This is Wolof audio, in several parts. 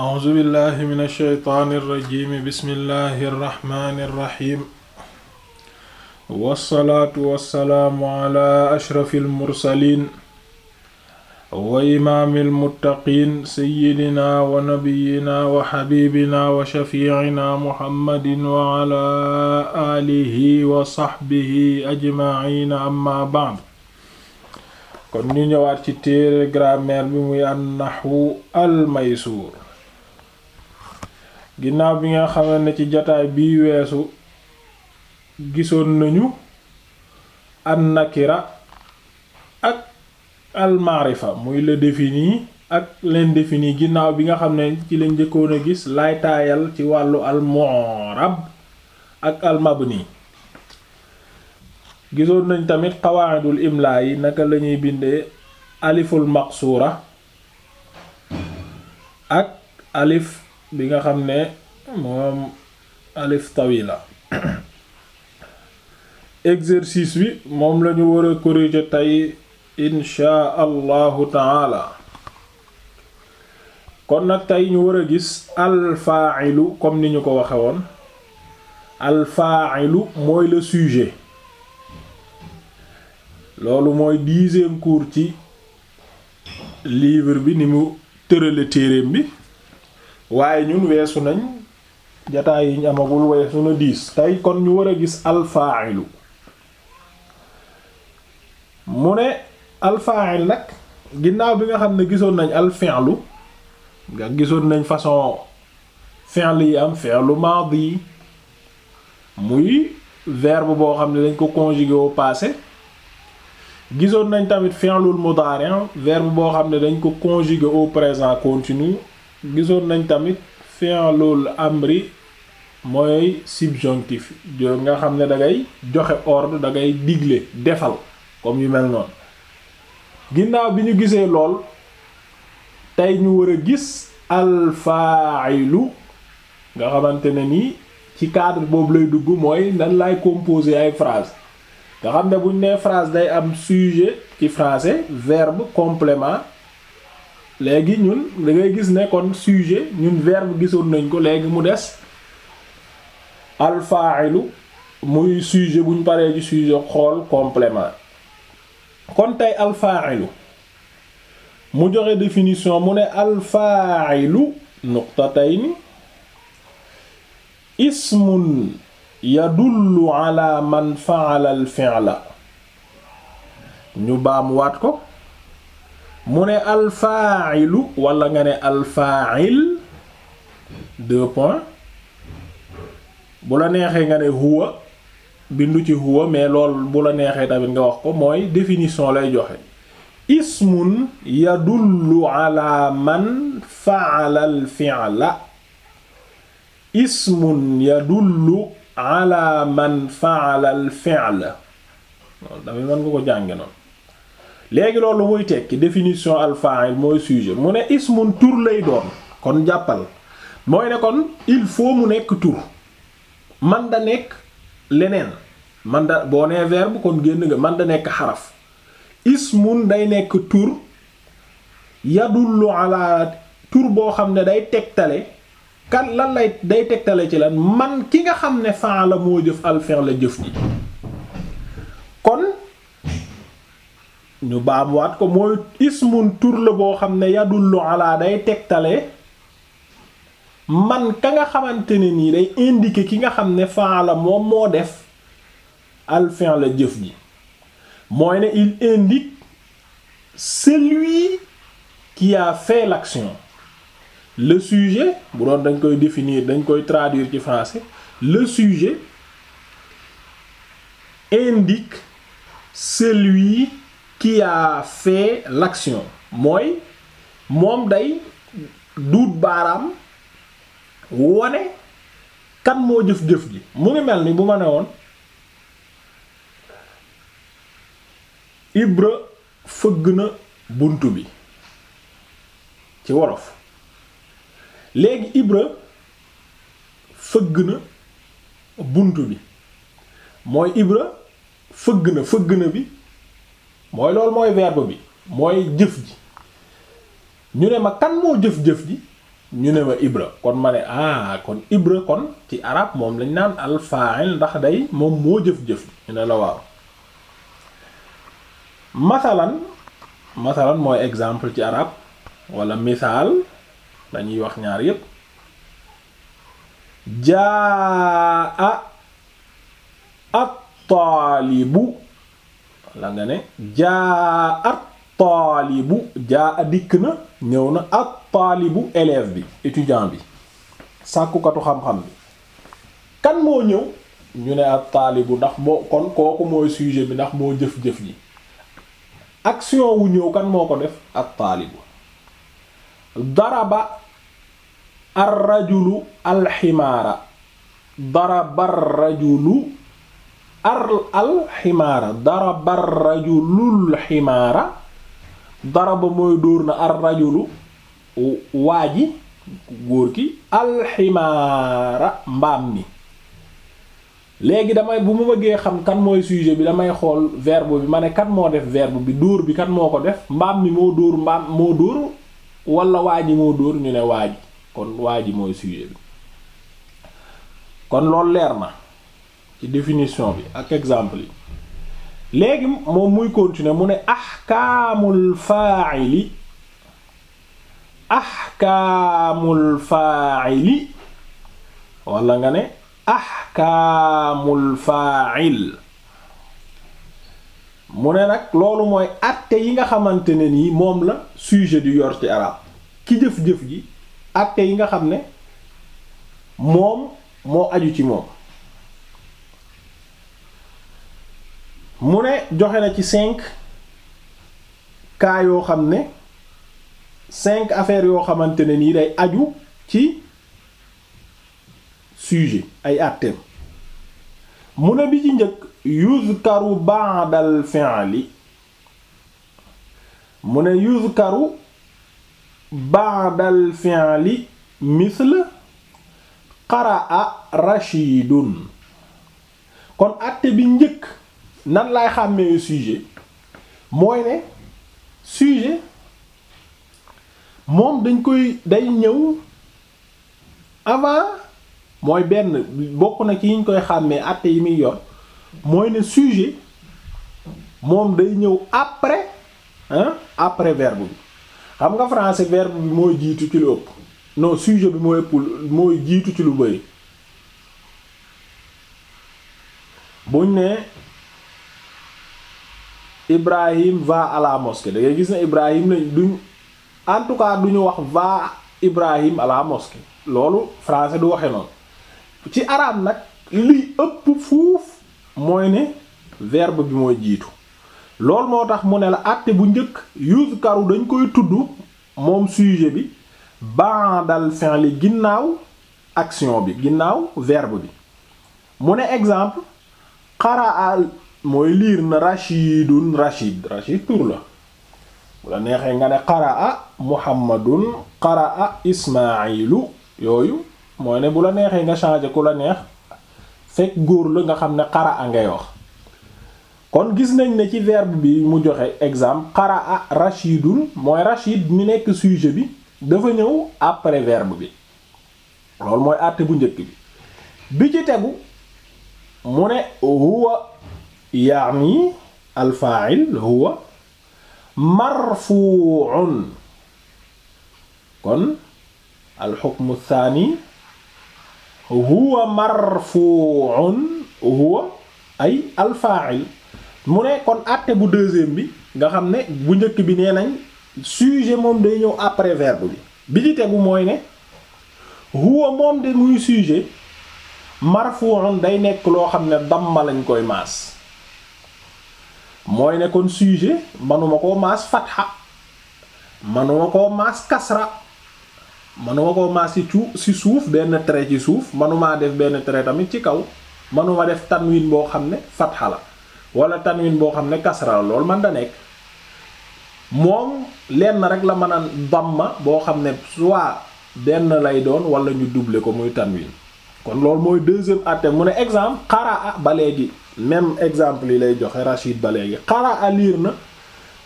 أعوذ بالله من الشيطان الرجيم بسم الله الرحمن الرحيم والصلاة والسلام على أشرف المرسلين وإمام المتقين سيدنا ونبينا وحبيبنا وشفيعنا محمد وعلى آله وصحبه أجمعين أما بعد kon ñu ñëwaat ci téere grammaire bi muy an-nahwu al-maysûr ginnaaw bi nga xamal ne ci jotaay bii weesu gisoon nañu an nakira ak almaarifa muy le défini ak l'indéfini ginnaaw bi nga xam ne ci lañ njëkkoon a gis laay taayal ci wàllu almorab ak almabni gisoon nañ tamit qawaidul imla yi naka la ñuy bindee aliful maqsuura ak alif bi nga xam ne moom alif tawi la exercice bi moom lañu war a corriger tey inchaa allahu taala kon nag tey ñu war a gis alfaa'ilu comme ni ñu ko waxe woon alfaa'ilu mooy le sujet loolu mooy dixième cours ci livre bi ni mu tërale téereem bi waaye ñun weesu nañ jataay yi ñu amagul weesu na diis tey kon ñu war a gis alfaa'ilu mu ne alfaa'il nag ginnaaw bi nga xam ne gisoon nañ alfi'lu nga gisoon nañ façon fi'l yi am fi'lu maadi muy verbe boo xam ne dañ ko conjugué au passé gisoon nañ tamit fi'lul mudaari' verbe boo xam ne dañ ko conjugué au présent continu gisoon nañ tamit fi'lul amri mooy subjonctif jo nga xam ne da ngay joxe ordre da ngay digle defal comme yu mel noonu ginnaaw bi ñu gisee lool tey ñu war a gis alfaailu nga xamante ne nii ci cadre boobu lay dugg mooy nan lay composé ay phrase nga xam ne buñ nee phrase day am sujet ci français verbe complement léegi ñun da ngay gis ne kon sujet ñun verbe gisoon nañ ko léegi mu des alfaailu muy sujet buñ paree ci sujet xool complément kon tey alfaailu mu joxe définition mu ne alfaailu nuqtatayni ismun yadullu ala man fa'ala al la ñu baam waat ko mu ne alfaa'ilu walla nga ne alfaa'il deux points bu la neexee nga ne huwa bindu ci huwa mais loolu bu la neexee tamit nga wax ko mooy définition lay joxe ismun yadullu ala man fa'ala la fi'la ismun yadullu ala man fa'ala al fi'la loolu tamit mën nga ko jànge noonu léegi loolu muy tekki définition al mooy sujet mu ne ismun tur lay doon kon jàppal mooy ne kon il faut mu nekk tur man da nekk leneen man da boo nee verbe kon génn nga man da nekk xaraf ismun day nekk tur yadullu ala tur boo xam ne day tegtale kan lan lay day tegtale ci lan man ki nga xam ne la moo jëf al la jëf ji ñu baabuwaat ko mooy ismun tur boo xam ne yadullu ala day tegtale man ka nga xamante ne nii day indiquer ki nga xam ne faala moom moo def al fi'l la jëf ji mooy ne il indique celui qui a fait l'action le sujet bu doon dañ koy définir dañ koy traduire ci français le sujet indique celui qui a fait l'action mooy moom day duut baaraam wone kan moo jëf-jëf ji mu ngi mel ni bu ma ne woon Ibra fëgg na bunt bi ci wolof léegi Ibra fëgg na bunt bi mooy Ibra fëgg na fëgg na bi mooy loolu mooy verbe bi mooy jëf ji ñu ne ma kan moo jëf-jëf ji ñu ne ma ibra kon ma ne ah kon ibra kon ci arab moom lañ naan al fa'il ndax day moom moo jëf-jëf ji ñu ne la waaw masalan masalan mooy exemple ci arab walla misaal lañuy wax ñaar yépp jaa a at-taalibu la nga ne jaa at taalibu jaa a dikk na ñëw na at taalibu élève bi étudiant bi sàkkukatu xam-xam bi kan moo ñëw ñu ne at taalibu ndax moo kon kooku mooy sujet bi ndax moo jëf-jëf ji action wu ñëw kan moo ko def at taalibu daraba ar rajulu alximaara daraba ar rajulu ar al ximaara daraba rajulul ximaara daraba mooy dóor na ar rajulu waa ji góor ki al ximaara mbaam mi léegi damay bu ma bëggee xam kan mooy sujet bi damay xool verbe bi ma ne kan moo def verbe bi dóor bi kan moo ko def mbaam mi moo dóor mbaam moo dóor walla waa ji moo dóor ñu ne waa ji kon waa ji mooy sujet bi kon loolu leer na ci définition bi ak exemple yi léegi moom muy continuer mu ne axkaamul faa'ili axkaamul faa'ili wala nga ne axkaamul faa'il mu ne nag loolu mooy àtte yi nga xamante ne nii moom la sujet du yor ci arab ki jëf-jëf ji àtte yi nga xam ne moom moo aju ci moom mu ne joxe na ci cinq cas yoo xam ne cinq affaires yoo xamante ne nii day aju ci sujet ay àtteem mu ne bi ci njëkk yuzkaru ba'dal fi'li mu ne yuzkaru ba'dal fi'li misl qara'a rashidun kon àtte bi njëkk nan laay xàmmee sujet mooy ne sujet moom dañ koy day ñëw avant mooy benn bokk na ci yiñ koy xàmmee àtte yi muy yor mooy ne sujet moom day ñëw après hein après verbe bi xam nga français verbe bi mooy jiitu ci lu ëpp non sujet bi mooy ëpp mooy jiitu ci lu bëri buñ nee Ibrahim va à la mosquée da ngay gis ne Ibrahim lañ duñ en tout cas duñu wax va Ibrahim à la mosquée loolu français du waxe noonu ci arabe nag li ëpp fuuf mooy ne verbe bi mooy jiitu loolu moo tax mu ne la àtte bu njëkk yuzkaru dañ koy tudd moom sujet bi ba'dal fi'li ginnaaw action bi ginnaaw verbe bi mu ne exemple qara'a mooy liir na rashidun rashid rashid tur la bu la neexee nga ne qaraa muhammadun qaraa ismailu yooyu mooy ne bu la neexee nga changer ku la neex fekk góor la nga xam ne qaraa ngay wax kon gis nañ ne ci verbe bi mu joxe exemple qaraa rashidun mooy rashid mi nekk sujet bi dafa ñëw après verbe bi loolu mooy àtte bu njëkk bi bi ci tegu mu ne huwa yaani alfaa'il huwa marfu'un kon alxukmu thani huwa marfu'un huwa ay alfaa'il mu ne kon àtte bu deuxième bi nga xam ne bu njëkk bi nee nañ sujet moom day ñëw après verbe bi bi ci tegu mooy ne huwa moom de muy sujet marfu'un day nekk loo xam ne damma lañ koy maas mooy ne kon sujet manuma koo maas fatha manuma koo maas kasra manuma koo maas ci suuf benn trait ci suuf manumaa def benn trait tamit ci kaw manuma def tanwin boo xam ne fatha la wala tanwin boo xam ne kasra la loolu man da nekk moom lenn rek la mën a damma boo xam ne soit benn lay doon wala ñu doubler ko muy tanwin kon loolu mooy deuxième atte mu ne exemple qaraa ba léegi même exemple yi lay joxe Rachid ba léegi xara aliir na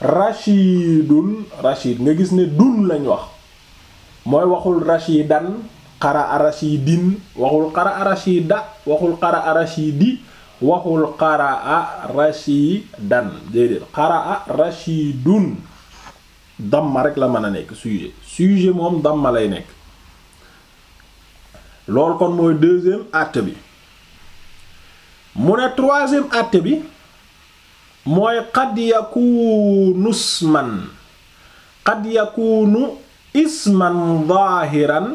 Rachidun Rachid nga gis ne dun lañ wax mooy waxul Rachidan xara arachidin waxul xara arachida waxul xara arachidi waxul xara a rachidan déedéet xara a rek la mën a nekk sujet sujet moom damma lay nekk loolu kon mooy deuxième acte bi mu ne troisième àtte bi mooy qad yakunu isman qad yakunu isman zaahiran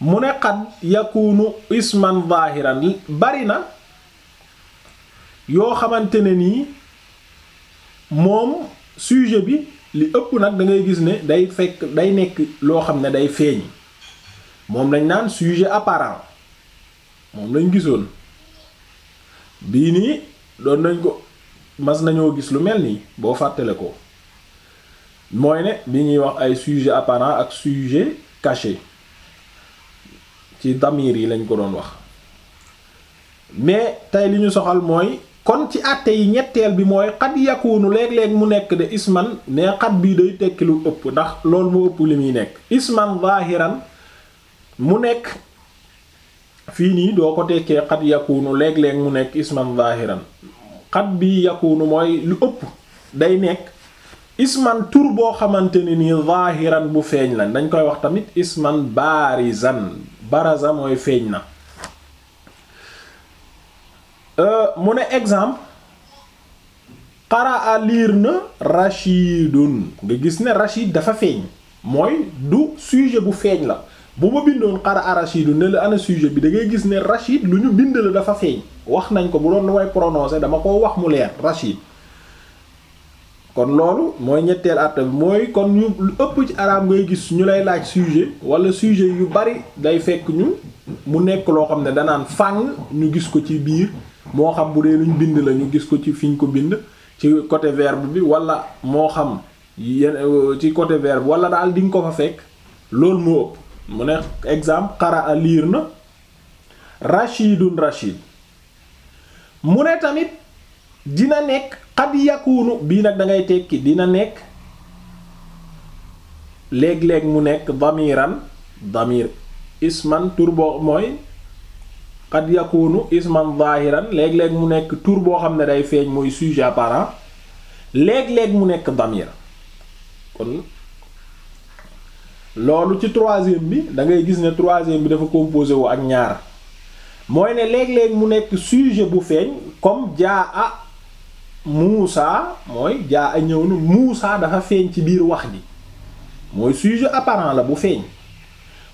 mu ne qad yakunu isman zaahiran bari na yoo xamante ne nii moom sujet bi li ëpp nag dangay gis ne day fekk day nekk loo xam ne day feeñ moom lañ naan sujet apparent moom lañ gisoon bii nii doon nañ ko mas nañoo gis lu mel nii boo fàttale ko mooy ne bi ñuy wax ay sujet apparent ak sujet caché ci damir yi lañ ko doon wax mais tey li ñu soxal mooy kon ci àtte yi ñetteel bi mooy xat yakunu léeg-léeg mu nekk de isman mais xat bii day tekki lu ëpp ndax lool mu ëpp li muy nekk isman zahiran mu nekk fii nii doo ko tekkee xat yakunu léeg-léeg mu nekk isman zahiran xat bi yakunu mooy lu ëpp day nekk isman tur boo xamante ne nii zahiran bu feeñ la dañ koy wax tamit isman barizan baraza mooy feeñ na euh, mu ne exemple qaraa liir na rachidun nga gis ne rachid dafa feeñ mooy du sujet bu feeñ la bu ma bindoon xara arachidu ne la ana sujet bi da ngay gis ne rachid lu ñu bind la dafa feeñ wax nañ ko bu doon lu may prononcer dama ko wax mu leer rachid kon loolu mooy ñetteel àtt bi mooy kon ñu lu ëpp ci arab ngay gis ñu lay laaj sujet wala sujet yu bari day fekk ñu mu nekk loo xam ne danaan fànn ñu gis ko ci biir moo xam bu dee luñ bind la ñu gis ko ci fiñ ko bind ci côté verbe bi wala moo xam yenn ci côté verbe wala daal di nga ko fa fekk loolu moo ëpp mu ne exemple qaraa liir na rashidun rashid mu ne tamit dina nekk xad yakunu bii nag dangay ngay tekki dina nekk léeg-léeg mu nekk damiran damir isman tur boo mooy xad yakunu isman léeg-léeg mu nekk tur boo xam ne day feeñ mooy sujet apparent léeg-léeg mu nekk damir loolu ci troisième bi da ngay gis ne troisième bi dafa composé wu ak ñaar mooy ne léeg-léeg mu nekk sujet bu feeñ comme jaa a Muusa mooy jaa a ñëw na Muusa dafa feeñ ci biir wax ji mooy sujet apparent la bu feeñ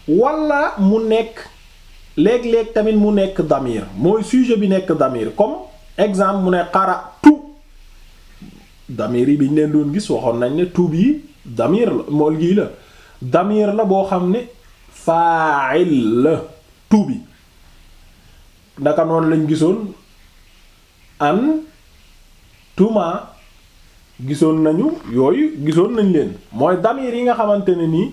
wala mu nekk léeg-léeg tamit mu nekk damir mooy sujet bi nekk damir comme exemple mu ne xara tu damir yi biñ leen doon gis waxoon nañ ne tub yi damir la mool gii la damir la boo xam ne fa'il la tubi ndaka noonu lañ gisoon an tuma gisoon nañu yooyu gisoon nañ leen mooy damir yi nga xamante ne nii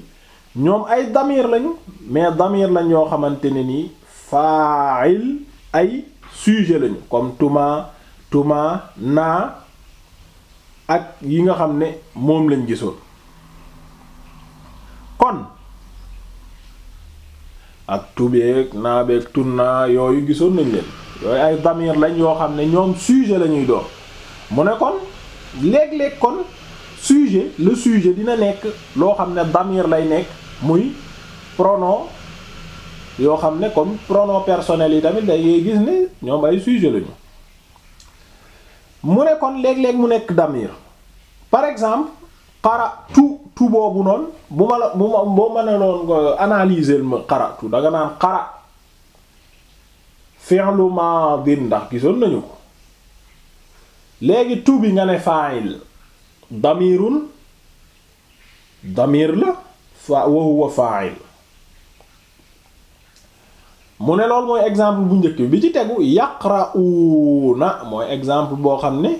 ñoom ay damir lañu mais damir lañ yoo xamante ne nii fa'il ay sujet lañu comme tuma tuma naa ak yi nga xam ne moom lañ gisoon kon ak tubeeg naabeeg tunna yooyu gisoon nañ leen yooyu ay damir lañ yoo xam ne ñoom sujet la ñuy doon mu ne kon léeg-léeg kon sujet le sujet dina nekk loo xam ne damir lay nekk muy prono yoo xam ne kon prono personnel yi tamit day gis ne ñoom ay sujet lañu mu ne kon léeg-léeg mu nekk damir par exemple qara'tu tu boobu noonu bu ma la bu ma boo ma ne noon nga analyser ma danga naan qara fi'lu maadin ndax gisoon nañu ko léegi tu bi nga ne fa'il damirun damir la fa wa mu ne loolu mooy exemple bu njëkk bi ci tegu yaqra'una mooy exemple boo xam ne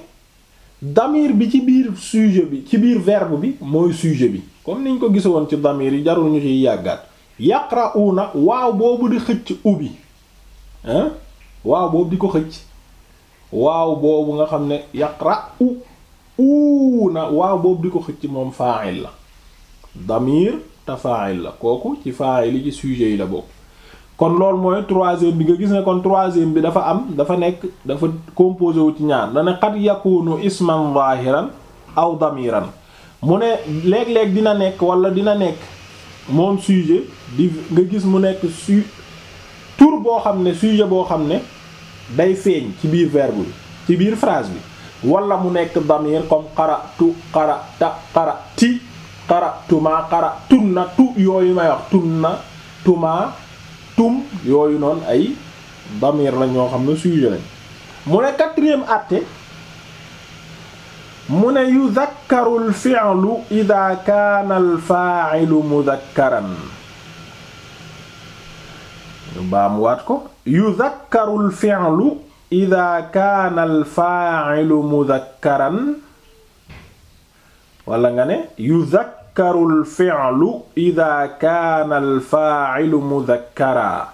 damir bi ci biir sujet bi ci biir verbe bi mooy sujet bi comme niñ ko woon ci damir yi jarul ñu ciy yàggaat yaqra'una waaw boobu di xëcc ubbi hein waaw boobu di ko xëcc waaw boobu nga xam ne yaqra'u di ko xëcc moom fa'il la damir te la kooku ci fa'il yi ci sujet yi la bokk kon loolu mooy troisième bi nga gis ne kon troisième bi dafa am dafa nekk dafa composé wu ci ñaar da ne xat yakunu isman zahiran aw damiran mu ne léeg-léeg dina nekk wala dina nekk moom sujet di nga gis mu nekk su tur boo xam ne sujet boo xam ne day feeñ ci biir verbe bi ci biir phrase bi wala mu nekk damir comme qara'tu qara'ta qara'ti qara'tuma qara'tunna tu yooyu may wax tunna tuma tum yooyu noonu ay damir la ñoo xam ne sujet lañ mu ne quatrième àtte mu ne yuzakkaru al fi'lu ida kaana al fa'ilu mudakkaran ñu baamuwaat ko yuzakkaru al fi'lu ida kaana al fa'ilu mudakkaran wala nga ne yuzakkaru yuzakkarul fi'lu idaa kaana al faa'ilu muzakkaraa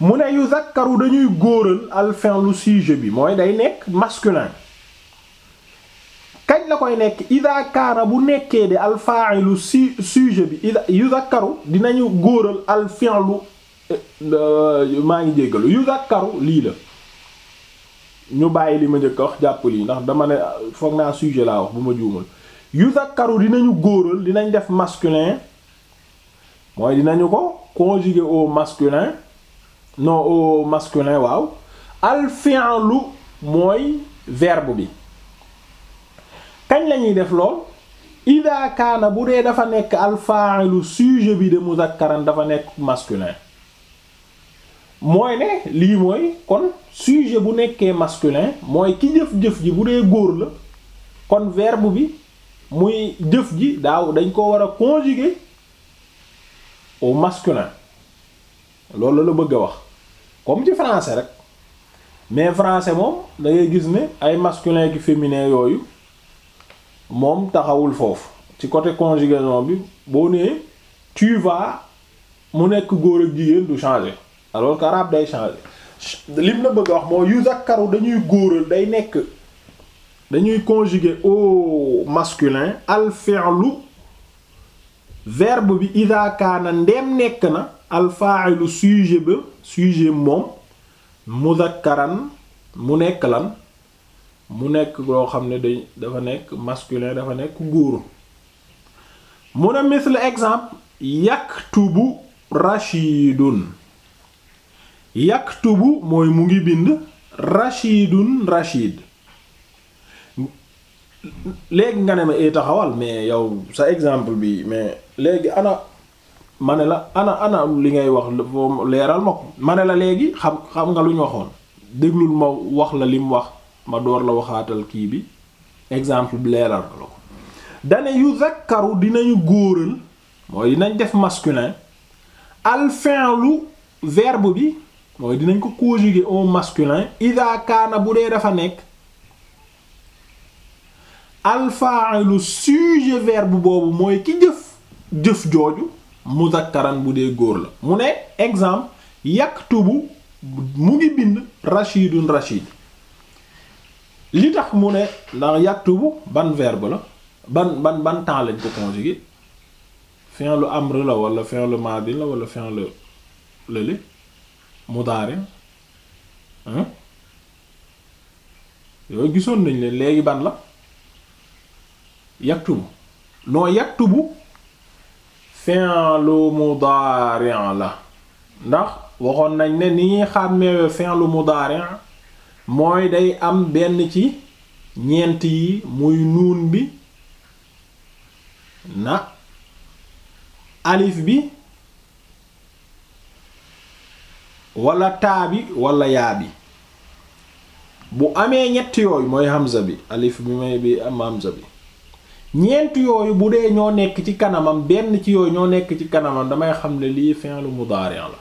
mu ne yuzakkaru dañuy góoral al fi'lu sujet bi mooy day nekk masculin kañ la koy nekk idaa kaana bu nekkee de al faa'ilu si bi idaa yuzakkaru dinañu góoral al fi'lu eh, euh, maa ngi jéggalu yuzakkaru lii la ñu bàyyi li ma njëkk a wax jàpp lii ndax dama ne foog naa sujet laa wax bu ma juumal yu yuzakkaru dinañu góoral dinañ def masculin mooy dinañu ko conjuguer au masculin no au masculin waaw al fi'lu mooy verbe bi kañ lañuy def lool ida bu dee dafa nekk al lu sujet bi de muzakkaran dafa nekk masculin mooy ne lii mooy kon sujet bu nekkee masculin mooy ki jëf-jëf ji bu dee góor la kon verbe bi muy jëf ji daaw dañ ko war a conjuguer au masculin loolu la bëgg a wax comme ci français rek mais français moom da ngay gis ni ay masculin ki féminin yooyu moom taxawul foofu ci côté conjugaison bi boo nee tu vas mu nekk góor ak jigéen du changer alors que arabe day changer lim la bëgg a wax moo yuzakkaru dañuy góoral day nekk dañuy conjuguer au masculin al fi'lu verbe bi idha kaana ndeem nekk na al fa'ilu sujet ba sujet moom mudhakkaran mu nekk lan mu nekk loo xam ne dafa nekk masculin dafa nekk góor mu ne exemple yaktubu rashidun yaktubu mooy mu ngi bind rashidun rashid léegi nga ne ma ee eh, taxawal mais yow sa exemple bi mais léegi ana ma ne la ana ana li ngay wax leeral ma ko ma ne la léegi xam xam nga lu ñu waxoon déglul ma wax la lim wax ma door la waxaatal kii bi exemple bi leeral la ko dane yu zakkaru dinañu góoral mooy dinañ def masculin al fi'lu verbe bi mooy dinañ ko conjuguer au masculin ida kaana bu dee dafa nekk lu sujet verbe boobu mooy ki jëf jëf jooju muzakkaran bu dee góor la mu ne exemple yaktubu mu ngi bind rashidun rashid li tax mu ne ndax yaktubu ban verbe la ban ban ban temps lañ ko conjugué fi'lu amr la wala fi'lu madi la wala fi'lu lële mudaari yooyu gisoon nañ leen léegi ban la yaktubu non yaktubu fi'lu mudari' la ndax waxoon nañ ne ni ñuy xàmmeewe fi'lu mudari' mooy day am benn ci ñeent yi muy nuun bi na alif bi wala taa bi wala bu amee ñett yooyu mooy hamza bi alif bi may bi am hamza bi ñeent yooyu bu dee ñoo nekk ci kanamam benn ci yooyu ñoo nekk ci kanamam damay xam ne lii fi'lu mudari' la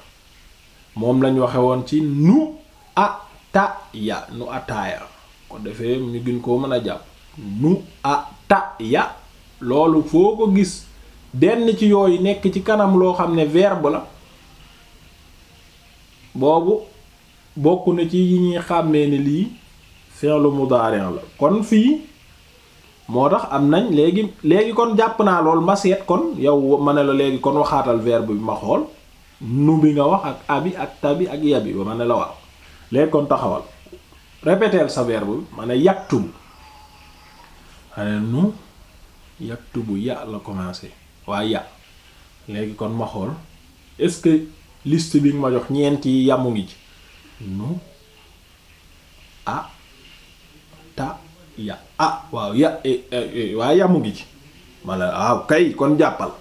moom lañ waxe woon ci nu ataya nu ataya ko defee ñu gën koo mën a jàpp nu ya loolu foo ko gis benn ci yooyu nekk ci kanam loo xam ne verbe la boobu bokk na ci yi ñuy xàmmee ni lii fi'lu mudari' la kon fii moo tax am nañ léegi léegi kon jàpp naa lool ma seet kon yow ma ne la léegi kon waxaatal verbe bi ma xool nu bi nga wax ak abi ak tabi ak yabi ba ma ne la waaw léegi kon taxawal répéteel sa verbe bi ma ne yaktubu ma ne nu yaktubu commencé waaye ya léegi kon ma xool est-ce que liste bi nga ma jox ñeent yàmmu ngi ci nu ah ya ah waaw ya eh, eh, eh, waaye ya mu ngi ci walla la waaw ah, kay kon jàppal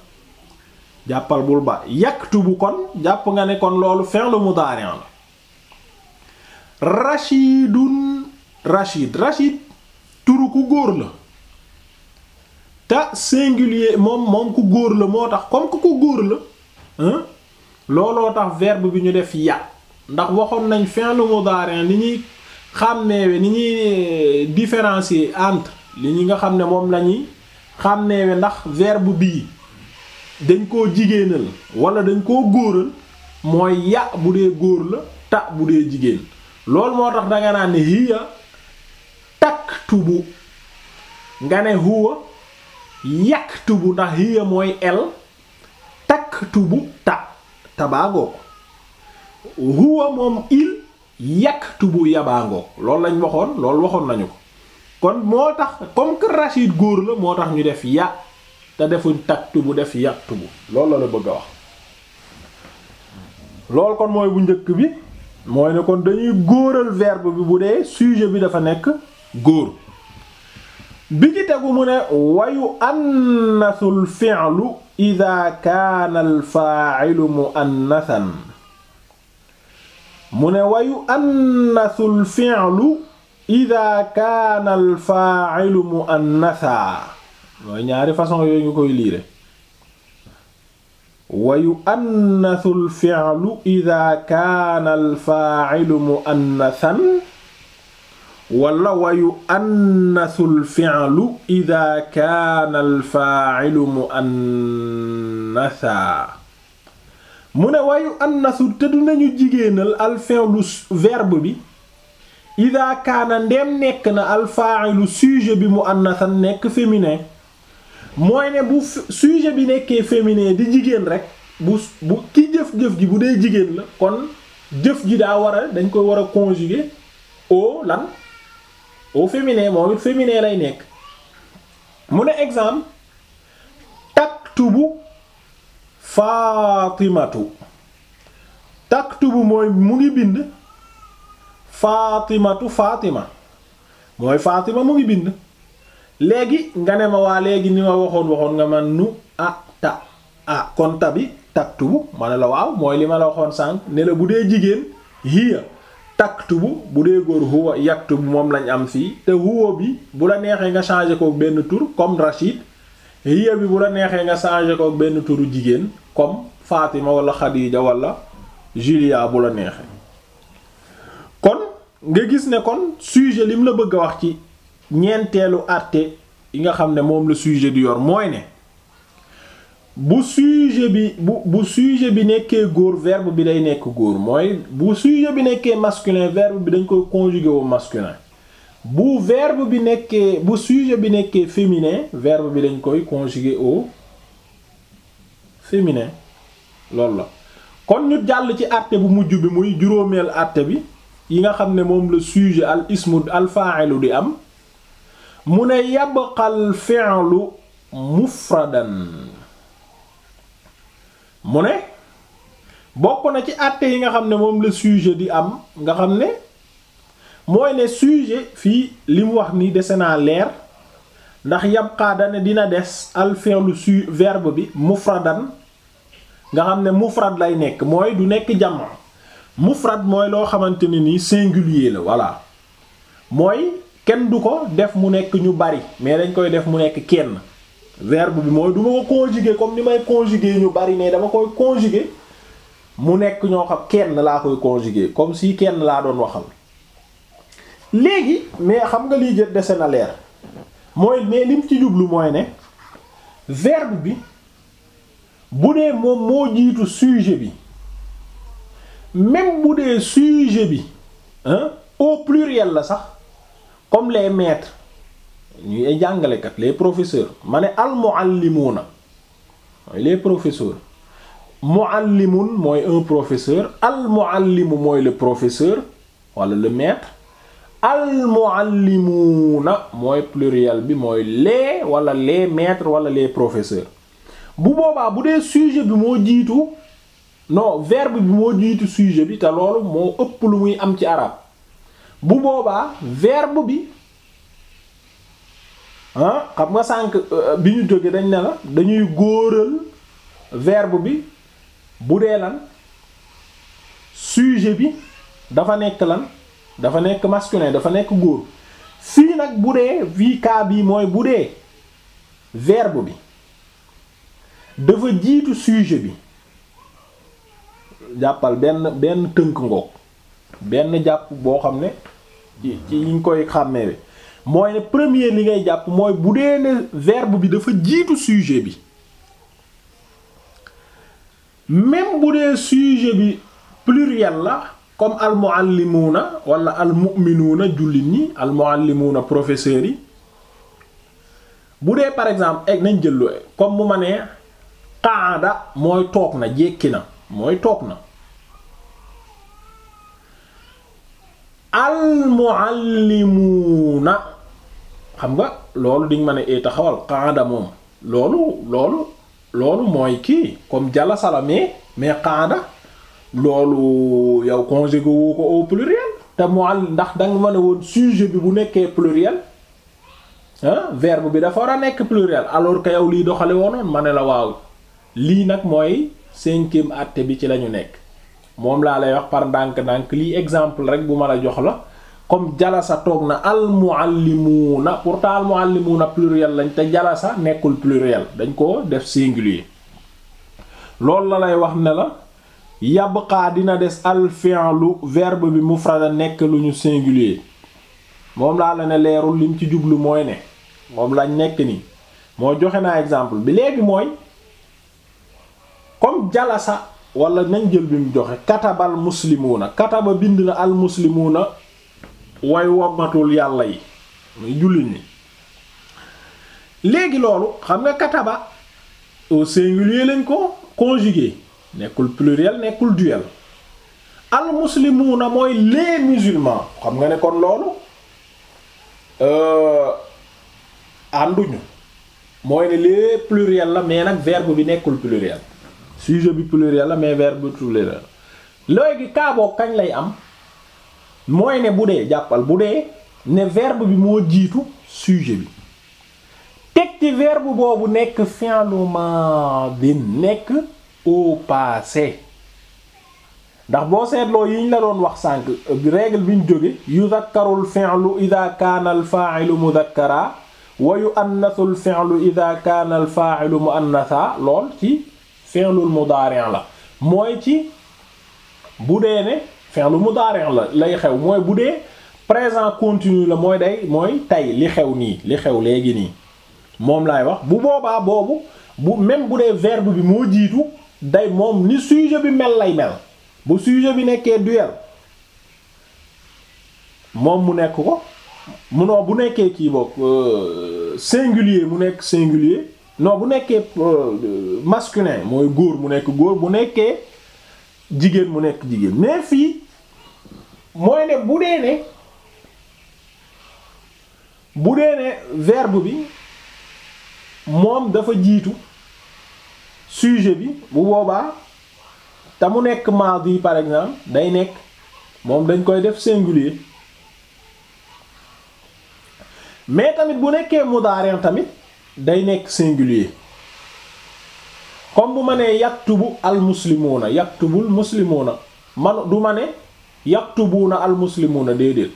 jàppal bul ba yaktubu kon jàpp nga ne kon loolu mu mudari' la rashidun rashid rashid turu ku góor la te singulier moom moom ku góor la moo tax comme que ku góor la looloo tax verbe bi ñu def ya ndax waxoon nañ fi'lu mudari' li ñuy xàmmeewe ni ñuy différence entre li ñi nga xam ne moom lañuy ñuy xàmmeewe ndax verbe bii dañ koo jigéenal wala dañ koo góoral mooy ya bu dee góor la ta bu dee jigéen loolu moo tax danga naan ne hiya taktubu nga ne huwa yaktubu ndax hiya mooy el taktubu ta tabaagoo huwa moom il yaktubu yabaangoo loolu lañ waxoon loolu waxoon nañu ko kon moo tax comme que rachid góor la moo tax ñu def yàq te defuñ taktu bu def yaktubu loolu la la bëgg a wax loolu kon mooy bu njëkk bi mooy ne kon dañuy góoral verbe bi bu dee sujet bi dafa nekk góor bi ci tegu mu ne wayu annasul fi'lu idha kana al fa'ilu mu'annasan mu ne wayu annasul fi'lu ida kaana al fa'ilu muannatha mooy ñaari façon yooyu nga koy liire wayu annasul fi'lu ida kaana al fa'ilu muannathan wala wayu annasul fi'lu ida kaana al fa'ilu muannatha mu ne wayu annasu te dinañu jigéenal al fi'lu verbe bi ida kaana ndeem nekk na al fa'ilu sujet bi mu annasan nekk féminin mooy ne bu sujet bi nekkee féminin di jigéen rek bu ki jëf-jëf ji bu dee jigéen la kon jëf ji daa wara dañ koy war a conjuguer au lan au féminin moom it féminin lay nekk mu ne exemple taktubu faatimatu taktubu mooy mu ngi bind faatimatu faatima mooy faatima mu ngi bind léegi nga ne ma waa léegi ni ma waxoon waxoon nga man nu a ta a kon tabi taktubu ma ne la waaw mooy li ma la waxoon sànq ne la bu dee jigéen hiya taktubu bu dee góor huwa yaktubu moom lañu am fii te huwa bi bu la neexee nga changer ko benn tur comme Rachid hiya bi bu la neexee nga changé ko benn turu jigéen comme Fatima wala Khadija wala Julia bu la neexee kon nga gis ne kon sujet lim la bëgg a wax ci ñeenteelu àtte yi nga xam ne moom la sujet di yor mooy ne bu sujet bi bu bu bi nekkee góor verbe bi day nekk góor mooy bu sujet bi nekkee masculin verbe bi dañ koy conjuguer au masculin bu verbe bi nekkee bu sujet bi nekkee féminin verbe bi dañ koy conjuguer o féminin loolu la kon ñu jàll ci àtte bu mujj bi muy juróomeel àtte bi yi nga xam ne moom la sujet al ismu al fa'ilu di am mu ne yabqal fi'lu mufradan mu ne bokk na ci àtte yi nga xam ne moom la sujet di am nga xam ne mooy ne sujet fii li mu wax ni dese naa leer ndax yabqaa dane dina des al fi'lu su verbe bi mufradan nga xam ne mufrad lay nekk mooy du nekk jam mufrad mooy loo xamante ne ni singulier la voilà mooy kenn du ko def mu nekk ñu bari mais dañ koy def mu nekk kenn verbe bi mooy du ma ko conjuguer comme ni may conjuguer ñu bari ne dama koy conjuguer mu nekk ñoo xam kenn laa koy conjuguer comme si kenn laa doon waxal léegi mais xam nga lii jël dese na leer mooy mais lim ci jublu mooy ne verbe bi bu dee moom moo jiitu sujet bi même bu dee sujet bi ah au pluriel la sax comme les maîtres ñuy ay jàngalekat les professeurs ma ne al muallimuna mooy les professeurs muallimun mooy un professeur al muallimu mooy le professeur wala le maître almuallimuuna mooy pluriel bi mooy les wala les maîtres wala les professeurs bu boobaa bu dee sujet bi moo jiitu no verbe bi moo jiitu sujet bi te loolu moo ëpp lu muy am ci arab bu boobaa verbe bi ah xam nga sànq euh, bi ñu jóge dañ ne la dañuy góoral verbe bi bu dee lan sujet bi dafa nekk lan dafa nekk masculin dafa nekk góor fii nag bu dee vi cas mooy bu dee verbe bi dafa jiitu sujet bi jàppal benn benn tënk ngoog benn jàpp boo xam ne ci ci yi ñu koy xàmmee mooy ne premier li ngay jàpp mooy bu dee ne verbe bi dafa jiitu sujet bi même bu dee sujet bi pluriel la comme almuallimuuna wala almuminuuna jullit ñi almuallimuuna professeur yi bu dee par exemple egg eh, nañ jëllu comme mu ma nee qaada mooy toog na jekki na mooy toog na almuallimuuna xam nga loolu diñ ma ne eh, ee taxawal qaada moom loolu loolu loolu mooy kii comme jalasala mais mais qaada loolu yow conjugué wu ko au pluriel te mual ndax danga mën a woon sujet bi bu nekkee pluriel ah verbe bi dafa war a nekk pluriel alors que yow lii doxale woonoon ma ne la waaw lii nag mooy cinquième acte bi ci la ñu nekk moom laa lay wax par ndànk-ndànk lii exemple rek bu ma la jox la comme jalasa toog na almuallimuuna pourtant na pluriel lañ te jalasa nekkul pluriel dañ ko def singulier loolu la lay wax ne la yabqaa dina des al lu verbe bi mufrada nekk lu ñu singulier moom laa la ne leerul lim ci jublu mooy ne moom lañ nekk ni moo joxe naa exemple bi léegi mooy comme jalasa walla nañ jël bi mu joxe katabal muslimuuna kataba bind na al muslimuuna way wommatul yàlla yi muy jullit ñi léegi loolu xam nga kataba au singulier lañ ko conjugué nekkul pluriel nekkul duel al na mooy les musulmans xam nga ne kon loolu euh, ànduñu mooy ne les pluriel la mais nag verbe bi nekkul pluriel sujet bi pluriel la mais verbe bi pluriel léegi kaaboo kañ lay am mooy ne bu dee jàppal bu dee ne verbe bi moo jiitu sujet bi teg ci verbe boobu nekk fi'lu bi nekk au passé ndax boo seetloo yiñ la doon wax sànq règle biñ jóge yuzakkarul fi'lu idha kana al fa'ilu muzakkara wa yu'annasul fi'lu idha kana al fa'ilu mu'annasa lool ci fi'lul mudari' la mooy ci bu dee ne mu mudari' la lay xew mooy bu dee présent continu la mooy day mooy tey li xew nii li xew léegi nii moom lay wax bu boobaa boobu bu bu dee verbe bi moo jiitu day moom ni sujet bi mel lay mel bu sujet bi nekkee duel moom mu nekk ko mu non bu nekkee kii boog euh, singulier mu nekk singulier non bu nekkee euh, masculin mooy góor mu nekk góor bu nekkee jigéen mu nekk jigéen mais fii mooy ne bu dee ne bu dee ne verbe bi moom dafa jiitu sujet bi bu boobaa te mu nekk maadi par exemple day nekk moom dañ koy def singulier mais tamit bu nekkee mudaari tamit day nekk singulier comme bu ma nee yaktubu al muslimuuna yaktubul muslimuuna man du ma ne yaktubuuna al muslimuuna déedéet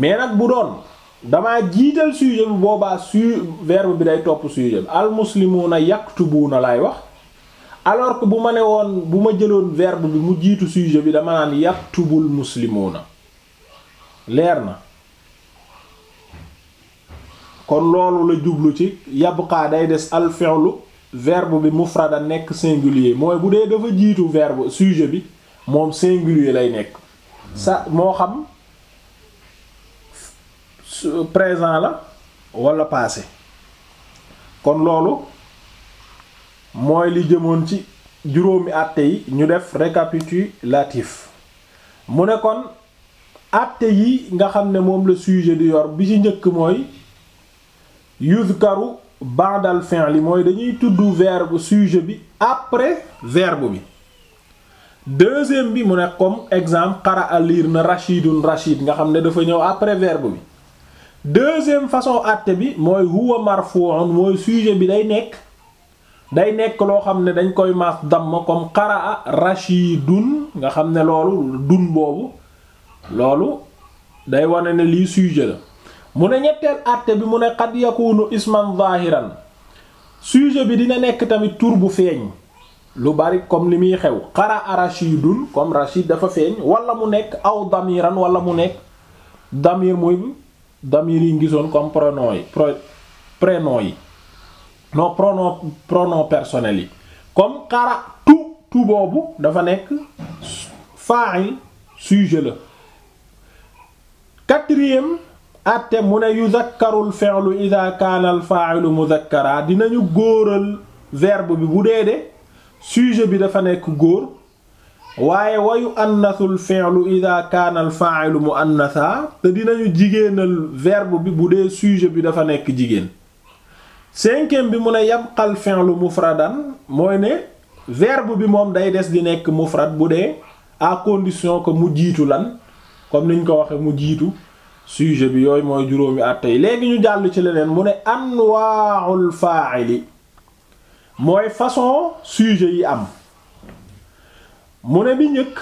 mais nag bu doon dama jiital sujet bi boobaa su verbe bi day topp sujet bi almuslimuuna yaktubuuna laay wax alors que bu ma ne woon bu ma jëloon verbe bi mu jiitu sujet bi dama naan yaktubul muslimuuna leer na kon loolu la jublu ci yabqaa day des al fi'lu bi mufrada nekk singulier mooy bu dee dafa jiitu verbe sujet bi moom singulier lay nekk sa moo xam présent la wala passé kon loolu mooy li jëmoon ci juróomi àtte yi ñu def récapitulatif mu ne kon àtte yi nga xam ne moom la sujet di yor bi ci njëkk mooy yuzkaru ba'dal li mooy dañuy tudd verbe sujet bi après verbe bi deuxième bi mu ne comme exemple qara'a liir na Rashidun Rashid nga xam ne dafa ñëw après verbe bi deuxième façon àtte bi mooy huwa marfu'un mooy sujet bi day nekk day nekk loo xam ne dañ koy maas damma comme qaraa rashidun nga xam ne loolu dun boobu loolu day wane ne lii sujet la mu ne ñetteel àtte bi mu ne qad yakunu isman zahiran sujet bi dina nekk tamit tur bu feeñ lu bari comme li muy xew qaraa rashidun comme rashid dafa feeñ wala mu nekk aw damiran wala mu nekk damir muy damir yi ngisoon comme pronom yi pro prénom yi non pronom pronom personnel yi comme xara tu tu boobu dafa nekk fa'il sujet la quatrième atte mu ne yuzakkarul fi'lu idha kana al fa'ilu muzakkara dinañu góoral verbe bi bu dee de sujet bi dafa nekk góor waaye wayu annasul fi'lu ida kaana al fa'ilu muannatha te dinañu jigéenal verbe bi bu dee sujet bi dafa nekk jigéen cinquième bi mu ne yabqal fi'lu mufradan mooy ne verbe bi moom day des di nekk mufrad bu dee a condition ko mu jiitu lan comme niñ ko waxe mu jiitu sujet bi yooyu mooy juróomi àtte yi léegi ñu jàll ci leneen mu ne anwaa'ul faa'ili mooy façon sujet yi am mu ne bi njëkk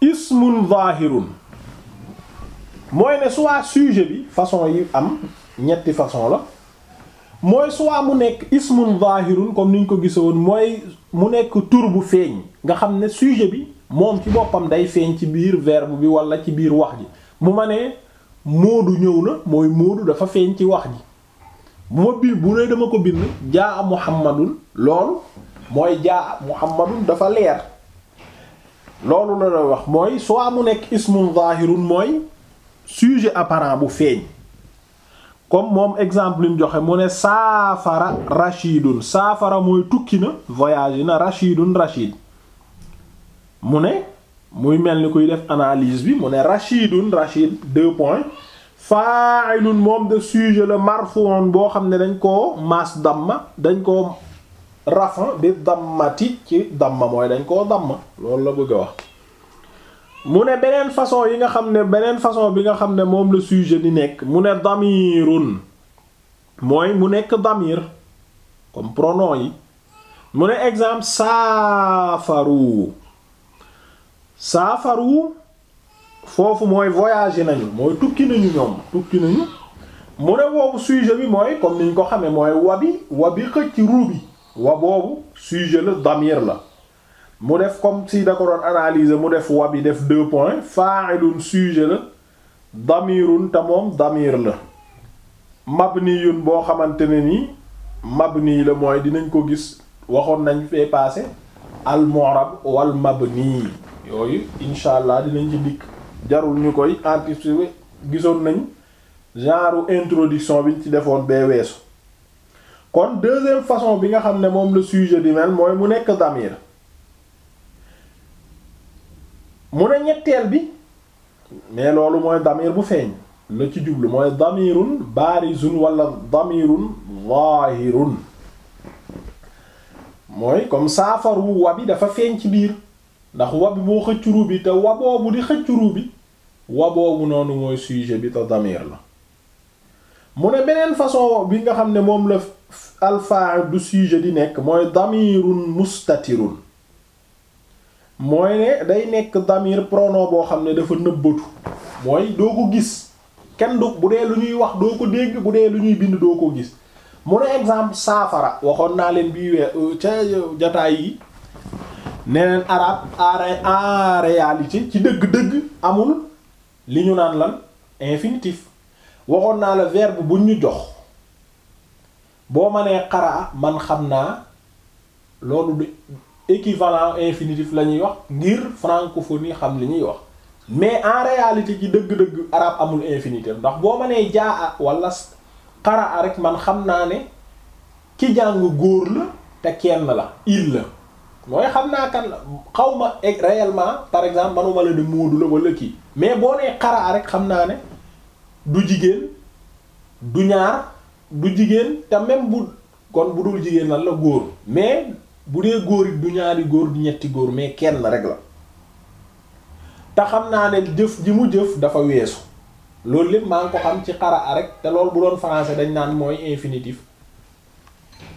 ismun zahirun mooy ne soit sujet bi façon yi am ñetti façon la mooy soit mu nekk ismun zahirun comme ni ñu ko woon mooy mu nekk tur bu feeñ nga xam ne sujet bi moom ci boppam day feeñ ci biir verbe bi walla ci biir wax ji mu ma nee moodu ñëw la mooy moodu dafa feeñ ci wax ji bu ma biir bu ne dama ko bind jaa muhammadun loolu mooy jaa muhammadun dafa leer loolu la lay wax mooy soo amu nekk ismun zahirun mooy sujet apparent bu feeñ comme moom exemple li joxe mu ne saafara rachidun saafara mooy tukki na voyage na rachidun rachid mu ne muy mel ni kuy def analyse bi mu ne rachidun rachid deux points fa'ilun moom de sujet la marfu'un boo xam ne dañ koo maas damma dañ koo rafan bi dammati ci damma mooy dañ koo damma loolu la bëgg a wax mu ne beneen façon yi nga xam ne beneen façon bi nga xam ne moom la sujet di nekk mu ne damirun mooy mu nekk damir comme pronom yi mu ne exemple saafaru saafaru foofu mooy voyager nañu mooy tukki nañu ñoom tukki nañu mu ne woowu sujet bi mooy comme niñ ko xamee mooy wa wabi wabi xëcc ruubi wa boobu sujet la damir la mu def comme si da ko doon mu def wa bi def deux points fa'ilun sujet la damirun te moom damir la mabniyun boo xamante ne ni mabni la mooy dinañ ko gis waxoon nañ fee passé al wal mabni yooyu incha allah dinañ ci dikk jarul ñu koy anticiper gisoon nañ genre introduction biñ ci defoon bee weesu kon deuxième façon bi nga xam ne moom la sujet di mel mooy mu nekk damir mu ne ñetteel bi mais loolu mooy damir bu feeñ la ci jublu mooy damirun barizun walla damirun zahirun mooy comme saafaru wa dafa feeñ ci biir ndax wa bi boo xëcc ru te wa boobu di xëcc ru bi wa noonu mooy sujet bi te damir la mu ne beneen façon bi nga xam ne moom la alfa'il du sujet di nekk mooy damirun mustatirun mooy ne day nekk damir prono boo xam ne dafa nëbbatu mooy doo ko gis kenn du bu dee lu ñuy wax doo ko dégg bu dee lu ñuy bind doo ko gis mu ne exemple saafara waxoon naa leen bii wee euh, ca euh, jataay yi neneen arab en réalité ci dëgg-dëgg amul li ñu naan lan infinitif waxoon naa la verbe bu ñu jox boo ma nee xaraa man xam naa loolu du équivalent infinitif la ñuy wax ngir ni xam li ñuy wax mais en réalité ci dëgg-dëgg arabe amul infinitif ndax boo ma nee jaa wala xaraa rek man xam naa ne ki jàng góor la te kenn la il la mooy xam naa kan xaw ma réellement par exemple manuma la ne Moodu la walla kii mais boo nee xaraa rek xam naa ne du jigéen du ñaar. du jigéen te même bu kon bu dul jigéen lan la góor mais bu dee góor it du ñaari góor du ñetti góor mais kenn rek la te xam naa ne jëf ji mu jëf dafa weesu loolu lépp maa ngi ko xam ci xaraa rek te lool bu doon français dañ naan mooy infinitif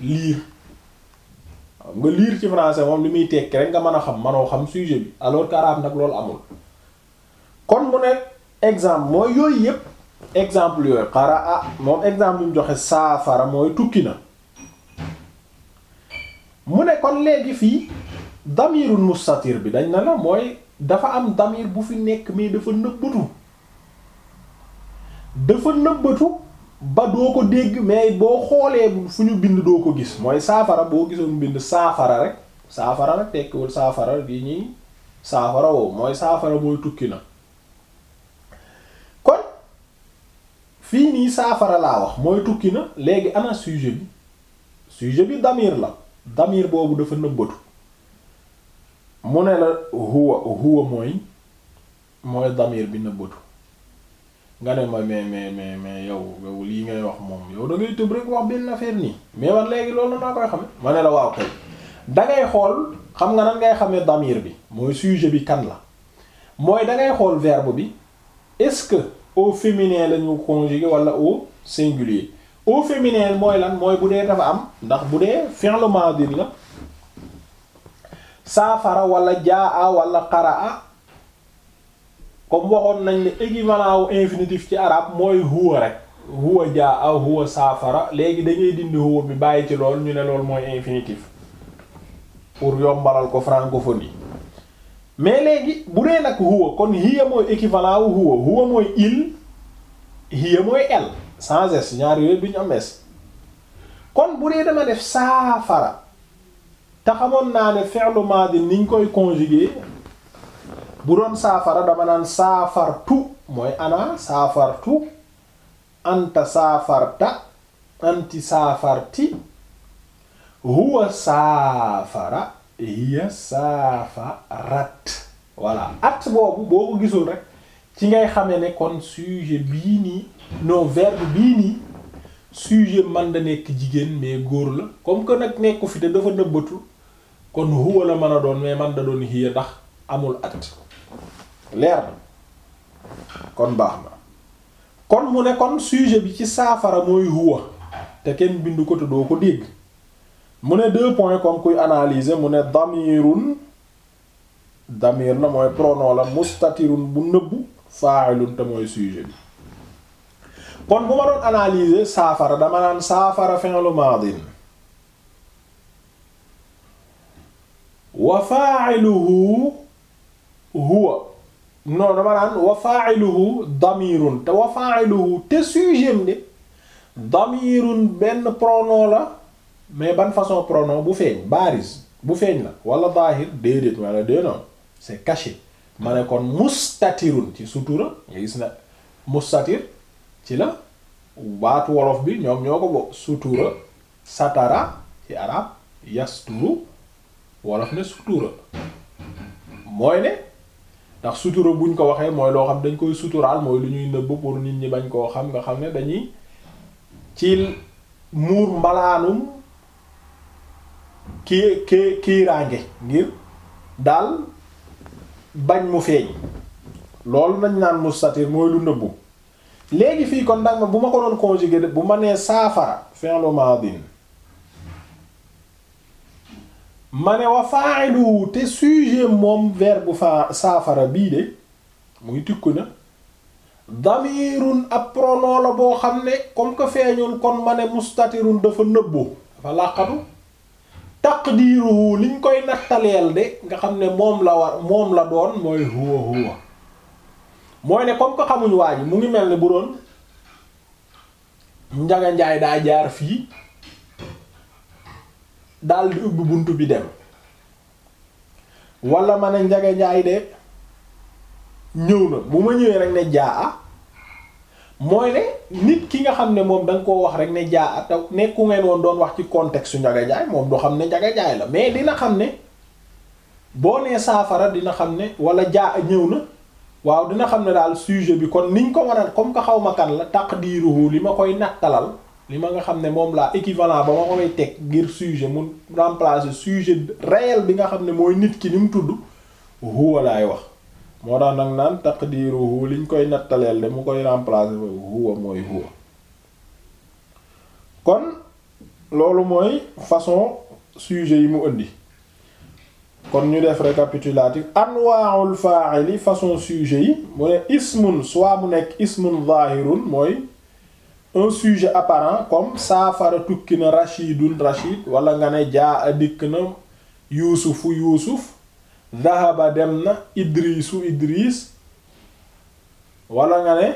lire xam nga liir ci français moom li muy tekki rek nga mën a xam manoo xam sujet bi alors que arabe nag loolu amul kon mu ne exemple mooy yooyu yépp exemple yooyu ah moom exemple bi joxe saafara mooy tukki na mu ne kon léegi fii damirul mustatir bi dañ na la mooy dafa am damir bu fi nekk mais dafa nëbbatu dafa nëbbatu ba doo ko dégg mais boo xoolee fu ñu bind doo ko gis mooy saafara boo gisoon bind saafara rek saafara rek tekkiwul saafara yi ñuy saafara woo mooy saafara mooy tukki na fii nii saafara laa wax mooy tukki na léegi ana sujet bi sujet bi damir la damir boobu dafa nëbbatu mu ne la huwa huwa mooy mooy damir bi nëbbatu nga ne ma mais mais mais mais yow yow lii ngay wax moom yow da ngay tëb rek wax benn affaire nii mais man léegi loolu naa koy xame ma ne la waaw kay da xool xam nga nan ngay xamee damir bi mooy sujet bi kan la mooy da xool verbe bi est-ce que au féminin lañu ñu conjugué wala au singulier au féminin mooy lan mooy bu dee dafa am ndax bu dee fi'l madi la saafara walla jaa wala qaraa comme waxoon nañ ne équivalent wu infinitif ci arabe mooy huwa rek huwa jaa huwa saafara léegi dañuy dindi huwa bi bàyyi ci lool ñu ne lool mooy infinitif pour yombalal ko francophonie mais léegi bu dee nag huwa kon hiya mooy équivalent huwa mooy il hiya mooy el sans s ñaar yooyu bi ñu kon bu dee dama def saafara te naa ne fi'lu maadi niñ koy conjuguer bu doon saafara dama naan saafartu mooy ana saafartu anta saafarta anti saafarti huwa saafara hiya safarat voilà mm. at boobu boo ko gisul rek ci ngay xamee ne kon sujet bii nii non verbe bii nii sujet man da nekk jigéen mais góor la comme que nag nekku fi te dafa nëbbatu kon huwa la mën a doon mais man da doon hiya ndax amul at leer kon baax na kon mu ne kon sujet bi ci saafara mooy huwa te kenn bindu ko te doo ko dégg mu ne deux points comme kuy analyser mu ne damirun damir la mooy pronom la mustatirun bu nëbbu fa'ilun te mooy sujet bi kon bu ma doon analyser saafara dama naan saafara fi'lu maadin wa fa'iluhu huwa non dama naan wa fa'iluhu damirun te wa fa'iluhu te sujet de damirun benn pronom la mais ban façon pronom bu feeñ baris bu feeñ la wala zahir déedéet wala déenoon c'est caché ma ne kon mustatirun ci sutura nga gis na mustatir ci la baatu wolof bi ñoom ñoo ko bo sutura satara ci arab yasturu wolof ne sutura mooy ne ndax sutura buñ ko waxee mooy loo xam dañ koy suturaal mooy lu ñuy nëbb pour nit ñi bañ koo xam nga xam ne dañuy ci muur mbalaanum kii kii kiiraange ngir daal bañ mu feeñ loolu nañ naan mustatir mooy lu nëbbu léegi fii kon ndax ma bu ma ko doon conjuguer bu ma nee saafara fi'lu madin ma ne wa fa'ilu te sujet moom verbe fa saafara bii de muy tikku na damirun ab pronom boo xam ne comme que feeñul kon ma ne mustatirun dafa nëbbu dafa làqatu taqdiiruhu liñ koy nattaleel de nga xam ne moom la war moom la doon mooy huwa huwa mooy ne comme ko xamuñ waa ji mu ngi mel ni bu doon njaga njaay daa jaar fii daal di ubbi bunt bi dem wala ma ne njaga de ñëw na bu ma ñëwee rek ne jaa mooy ne nit ki nga xam ne moom da koo wax rek ne jaa taw nekku ngeen woon doon wax ci contexte njaga jaay moom du xam ne njaga jaay la mais dina xam ne boo nee saafara dina xam ne wala jaa ñëw na waaw dina xam ne daal sujet bi kon niñ ko war a comme que xaw ma kan la taqdiruhu li ma koy nattalal li ma nga xam ne moom laa équivalent ba ma koy teg ngir sujet mu remplacer sujet réel bi nga xam ne mooy nit ki ni mu tudd huwa laay wax moo daan nag naan taqdiruhu liñ koy nattaleel de mu koy remplacer huwa mooy huwa kon loolu mooy façon sujet yi mu indi kon ñu def récapitulatif anwaa'ul faa'ili façon sujet yi mu ne ismun soit mu nekk ismun zaahirun mooy un sujet apparent comme saafara tukki na rashidun rashid wala nga ne jaa a dikk na yuusufu yuusuf dhahaba dem na idrisu idris wala nga ne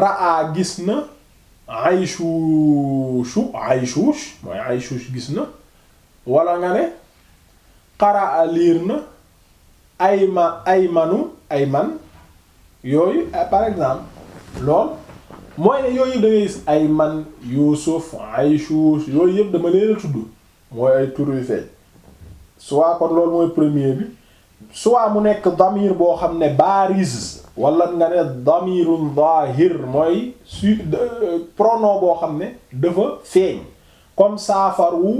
raa gis na ayshuushu ayshuush mooy ayshuush gis na walla nga ne qaraa liir na ayma ay man yooyu eh, par exemple lool mooy ne yooyu da ngay gis ayman yusuf ayshuush yooyu yëpp dama leen a tudd mooy ay tur yu soit kon loolu mooy premier bi soit mu nekk damir boo xam ne bariz walla nga ne damirun zahir mooy su prono boo xam ne dafa feeñ comme saafar wu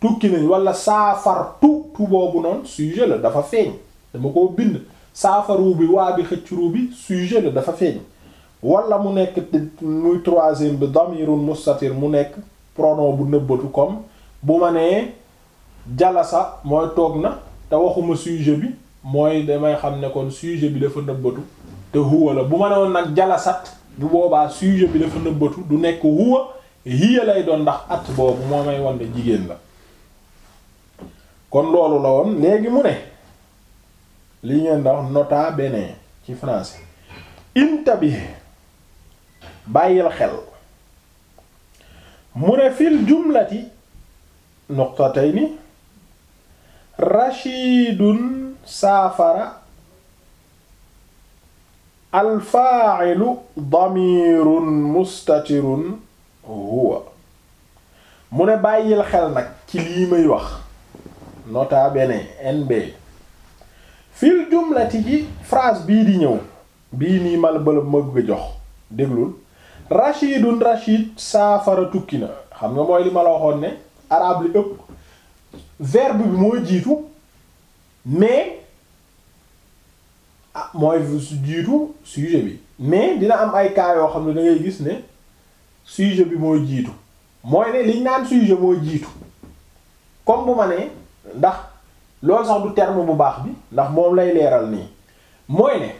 tukki nañ walla saafar tu tu boobu noonu sujet la dafa feeñ dama koo bind saafar wu bi waa bi xëcc bi sujet la dafa feeñ wala mu nekk muy troisième bi damirun mustatir mu nekk pronom bu nëbbatu comme bu ma nee jalasa mooy toog na te waxuma sujet bi mooy damay xam ne kon sujet bi dafa nëbbatu te huwa la bu ma ne woon nag jalasat bu boobaa sujet bi dafa nëbbatu du nekk huwa hiya lay doon ndax at boobu moo may wan jigéen la kon loolu la woon léegi mu ne li ngeen da nota bene ci français intabi bàyyil xel mu ne fil jumlati nuqtatayni rashidun saafara alfaacilu damirun mustatirun huwa mu ne bàyyil xel nag ci lii may wax nota bene NB fil jumlati ci phrase bii di ñëw bii nii mal bëlëb mag bi jox déglul rashidun rashid saafara tukki na xam nga mooy li la waxoon ne arab li ëpp verbe bi mooy jiitu mais a ah, mooy jiitu sujet bi mais dina am ay cas yoo xam ne da gis ne sujet bi moo jiitu mooy ne liñ naan sujet moo jiitu comme bu ma nee ndax loolu sax du terme bu baax bi ndax moom lay leeral nii mooy ne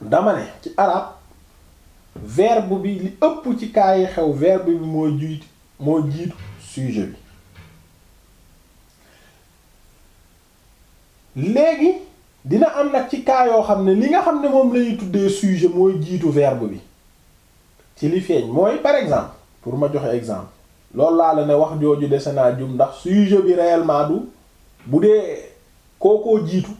dama ne ci arab verbe bi li ëpp ci cas yi xew verbe bi mooy jiitu mooy jiitu sujet bi léegi dina am nag ci cas yoo xam ne li nga xam ne moom lañuy tuddee sujet mooy jiitu verbe bi ci li feeñ mooy par exemple pour ma joxe exemple loolu laa la ne wax jooju dese naa jum ndax sujet bi réellement du bu dee kookoo jiitu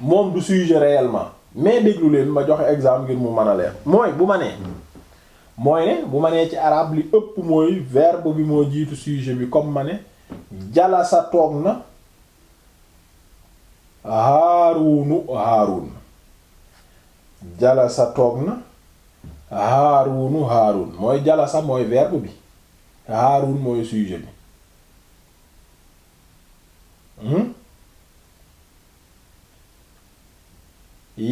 moom du sujet réellement mais déglu leen ma joxe exemple ngir mu mën a leer mooy bu ma nee mooy ne bu ma nee ci arabe li ëpp mooy verbe bi moo jiitu sujet bi comme ma ne sa toog na haarunu haarun jalasa toog na haarunu haarun mooy jalasa mooy verbe bi haarun mooy sujet bi hmm?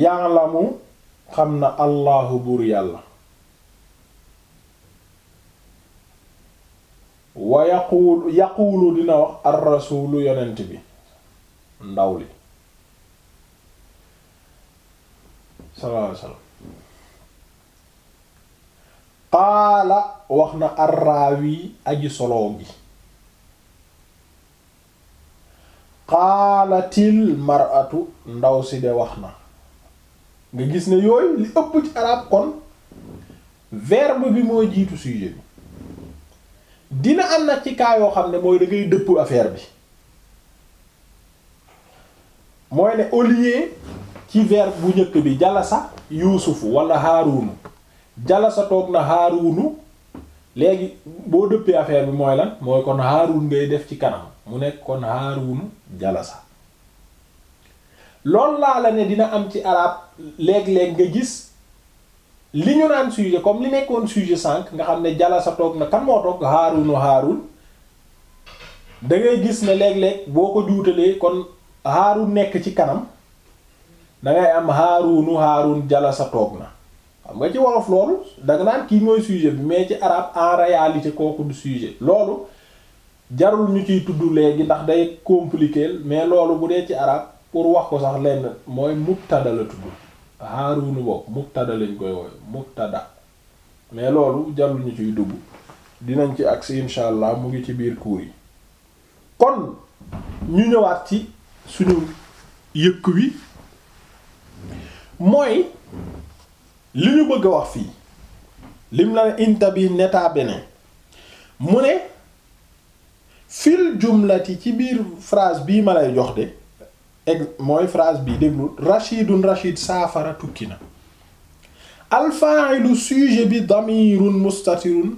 ya'lamu xam na allahu buur yàlla wa yaquulu dina wax yonent bi ndaw li sallallahu alayhi wasallam wax na arraawi aji solo gi qaalatil mar'atu ndaw si de wax na nga gis ne yooyu li ëpp ci arab kon verbe bi moo jiitu sujet bi dina am na ci kaa yoo xam ne mooy da dëpp affaire bi mooy ne au ci verbe bu njëkk bi jalasa yuusufu wala haaruunu jalasa toog na haaruunu léegi boo dëppee affaire bi mooy lan mooy kon haaruun ngay def ci kanam mu nekk kon haaruunu jalasa loolu laa la ne dina am ci arab léeg-léeg nga gis li ñu naan sujet comme li nekkoon sujet sànq nga xam ne jalasa toog na kan moo toog haaruunu haaruun da gis ne léeg-léeg boo ko juutalee kon haaruun nekk ci kanam dangay am haarunu haarun sa toog na xam nga ci wolof loolu danga naan kii mooy sujet bi mais ci arabe en réalité kooku du sujet loolu jarul ñu ciy tudd léegi ndax day compliquer mais loolu bu dee ci arabe pour wax ko sax lenn mooy mubtada la tudd haarunu boobu mubtada lañu koy wooyu mubtada mais loolu jarul ñu ciy dugg dinañ ci agsi insha allah mu ngi ci biir cours yi kon ñu ñëwaat ci suñu yëkk wi mooy li ñu bëgg a wax fii lim la inta bi neta bene mu ne fil jumlati ci biir phrase bii ma lay jox de ex mooy phrase bii déglu rachidun rachid saafara tukki na alfa'ilu sujet bi damirun mustatirun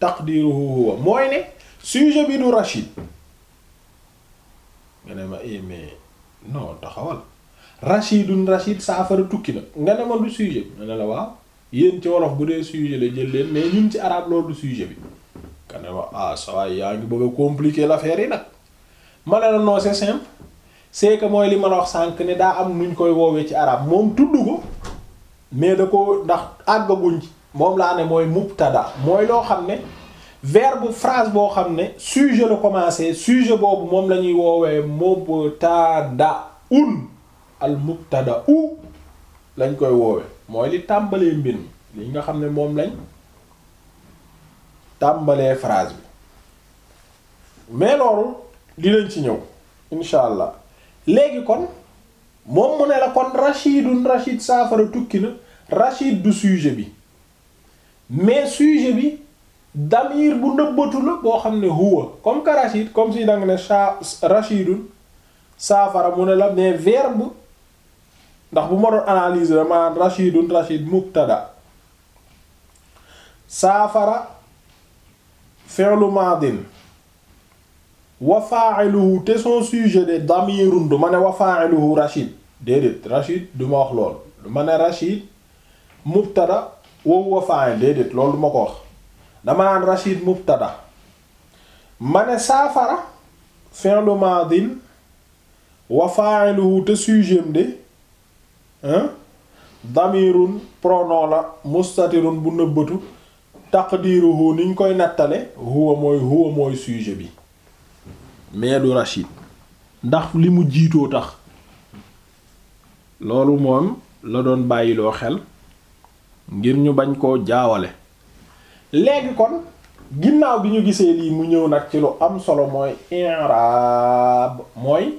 taqdiruhu huwa mooy ne sujet bi du rachid nga ne ma eh, mais non taxawal rachidun rachid saafara tukki na nga ne ma du sujet ma ne la waaw yéen ci wolof bu dee sujet la jël leen mais ñun ci arabe loolu bi nga ne ma ah ça yaa ngi bëgg a la l'affaire yi nag ma ne la non c'est simple que mooy li ma la wax sànq ne daa am ñu koy woowee ci arabe moom tudd ko mais da ko ndax àggaguñ ci moom laa ne mooy mubtada mooy loo xam ne verbe phrase boo xam ne sujet la commencé sujet boobu moom la ñuy woowee mubtada un al mubtada u lañ koy woowe mooy li tàmbalee mbir mi li nga xam ne moom lañ tàmbalee phrase bi mais loolu dinañ ci ñëw incha allah léegi kon moom mu ne la kon rachidun rachid saafara tukki na rachid du sujet bi mais sujet bi damir bu nëbbatu la boo xam ne huwa comme que rachid comme si danga ne rachidun saafara mu ne la mais verbe ndax bu ma doon analyse la maanaam rachidun rachid mubtada saafara fi'lu madin wa fa'iluhu te son sujet de damirun du ma ne wa fa'iluhu rachid déedéet rachid du ma wax lool du ma ne rachid mubtada wa huwa déedéet loolu du ma ko wax dama naan rachid mubtada ma ne saafara fi'lu madin wa fa'iluhu te sujet de damirun pronom la mustatirun bu nëbbatu taqdiruhu niñ koy nattale huwa mooy huwa mooy sujet bi mais du Rachid ndax li mu jiitoo tax loolu moom la doon bàyyiloo xel ngir ñu bañ koo jaawale léegi kon ginnaaw bi ñu gisee lii mu ñëw nag ci lu am solo mooy i'rab mooy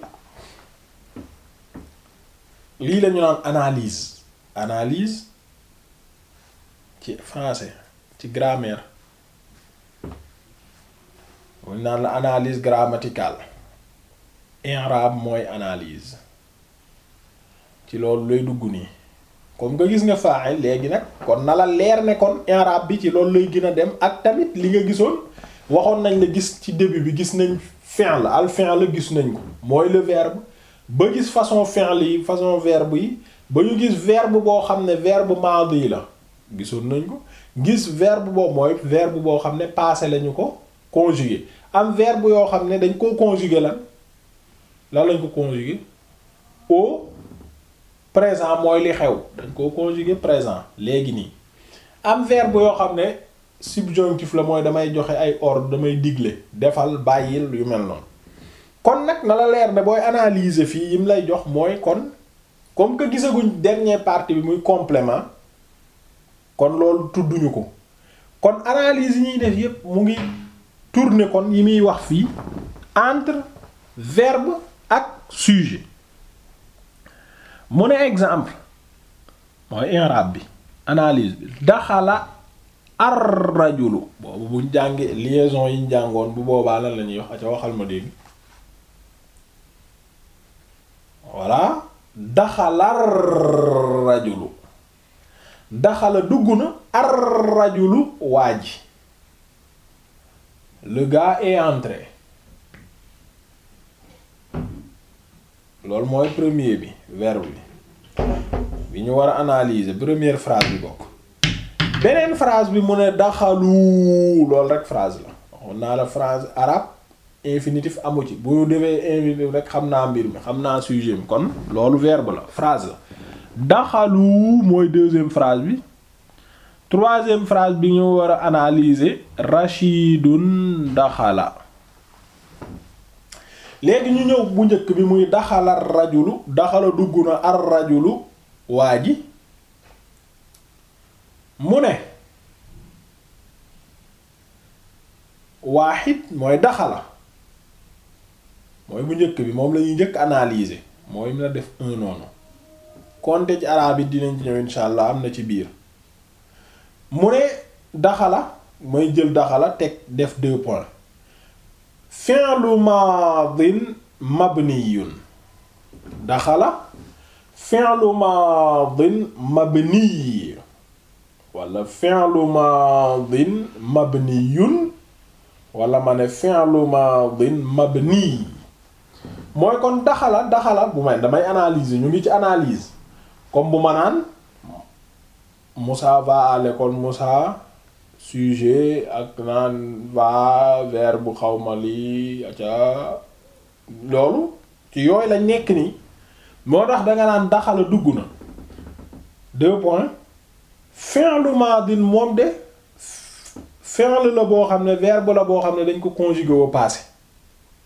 lii lañu naan analyse analyse ci français ci grammaire ñu naan la analyse grammaticale mooy analyse ci loolu lay dugg nii comme nga gis nga fa'il léegi nag kon na la leer ne kon i'rab bi ci loolu lay gën a dem ak tamit li nga gisoon waxoon nañ la gis ci début bi gis nañ fi'l al fi'l la gis nañ ko mooy le verbe ba gis façon fi'l yi façon verbe yi ba ñu gis verbe boo xam ne verbe maadi la gisoon nañ ko gis verbe boobu mooy verbe boo xam ne passé lañu ko conjugué am verbe yoo xam ne dañ koo conjugué lan lan lañ ko conjugué au présent mooy li xew dañ koo conjugué présent léegi nii am verbe yoo xam ne subjonctif la mooy damay joxe ay ordre damay digle defal bàyyil yu mel noonu kon nag na la leer ne booy analyser fii yim lay jox mooy kon comme que gisaguñ dernière partie bi muy complément kon loolu tudduñu ko kon analyse yi ñuy def yëpp mu ngi tourner kon yi muy wax fii entre verbe ak sujet mu ne exemple mooy i'rab bi analyse bi daxala ar-rajulu boobu buñ jànge liaison yiñ jàngoon bu boobaa lan la ñuy wax aca waxal ma dégg voilà daxalar rajulu daxala dugg na ar rajulu waa ji le gars est entré loolu mooy premier bi verbe bi bi ñu war a analyser première phrase bi bokk beneen phrase bi mu ne daxalu loolu rek phrase la waxoon naa la phrase arabe infinitif amu ci bu defee infinitif rek xam naa mbir mi xam naa sujet mi kon loolu verbe la phrase la daxalu mooy deuxième phrase bi troisième phrase bi ñu war a analyser rachidun daxala léegi ñu ñëw bu njëkk bi muy daxala rajulu daxala dugg na ar waa ji mu ne waaxid mooy daxala mooy bu njëkk bi moom la ñuy njëkk analyser mooy mu la def un noonu konte ci araab yi dinañ ci ñëw insha allah am na ci biir mu ne daxala mooy jël daxala teg def deux points fi'lu maadin mabniyun daxala fi'lu maadin mabniy wala fi'lu maadin mabniyun wala ma ne fi'lu maadin mabniy mooy kon daxala daxala bu ma may damay analyser ñu ngi ci analise comme bu ma naan Moussa va à l'école Moussa sujet ak naan va verbe xaw ma lii aca loolu ci yooyu lañ nekk nii moo tax danga naan daxala dugg na deux points fi'lu madin moom de fi'l la boo xam ne verbe la boo xam ne dañ ko conjugué au passé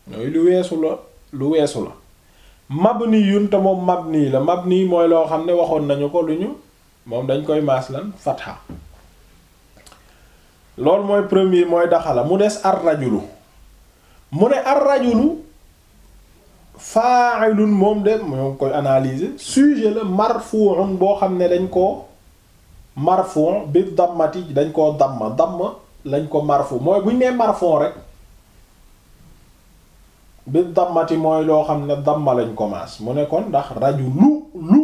mooy lu weesu la lu weesu la mabni yun te moom nii la mabni mooy loo xam ne waxoon nañu ko lu ñu moom dañ koy maas lan fatha loolu mooy premier mooy daxala mu des ar rajulu mu ne ar rajulu fa'ilun moom de moom koy analyser sujet la marfu'un boo xam ne dañ ko marfu' bi dammati dañ koo damma damm lañ ko marfu mooy buñ nee marfu' rek bi dammati mooy loo xam ne damma lañ commence mu ne kon ndax raju lu lu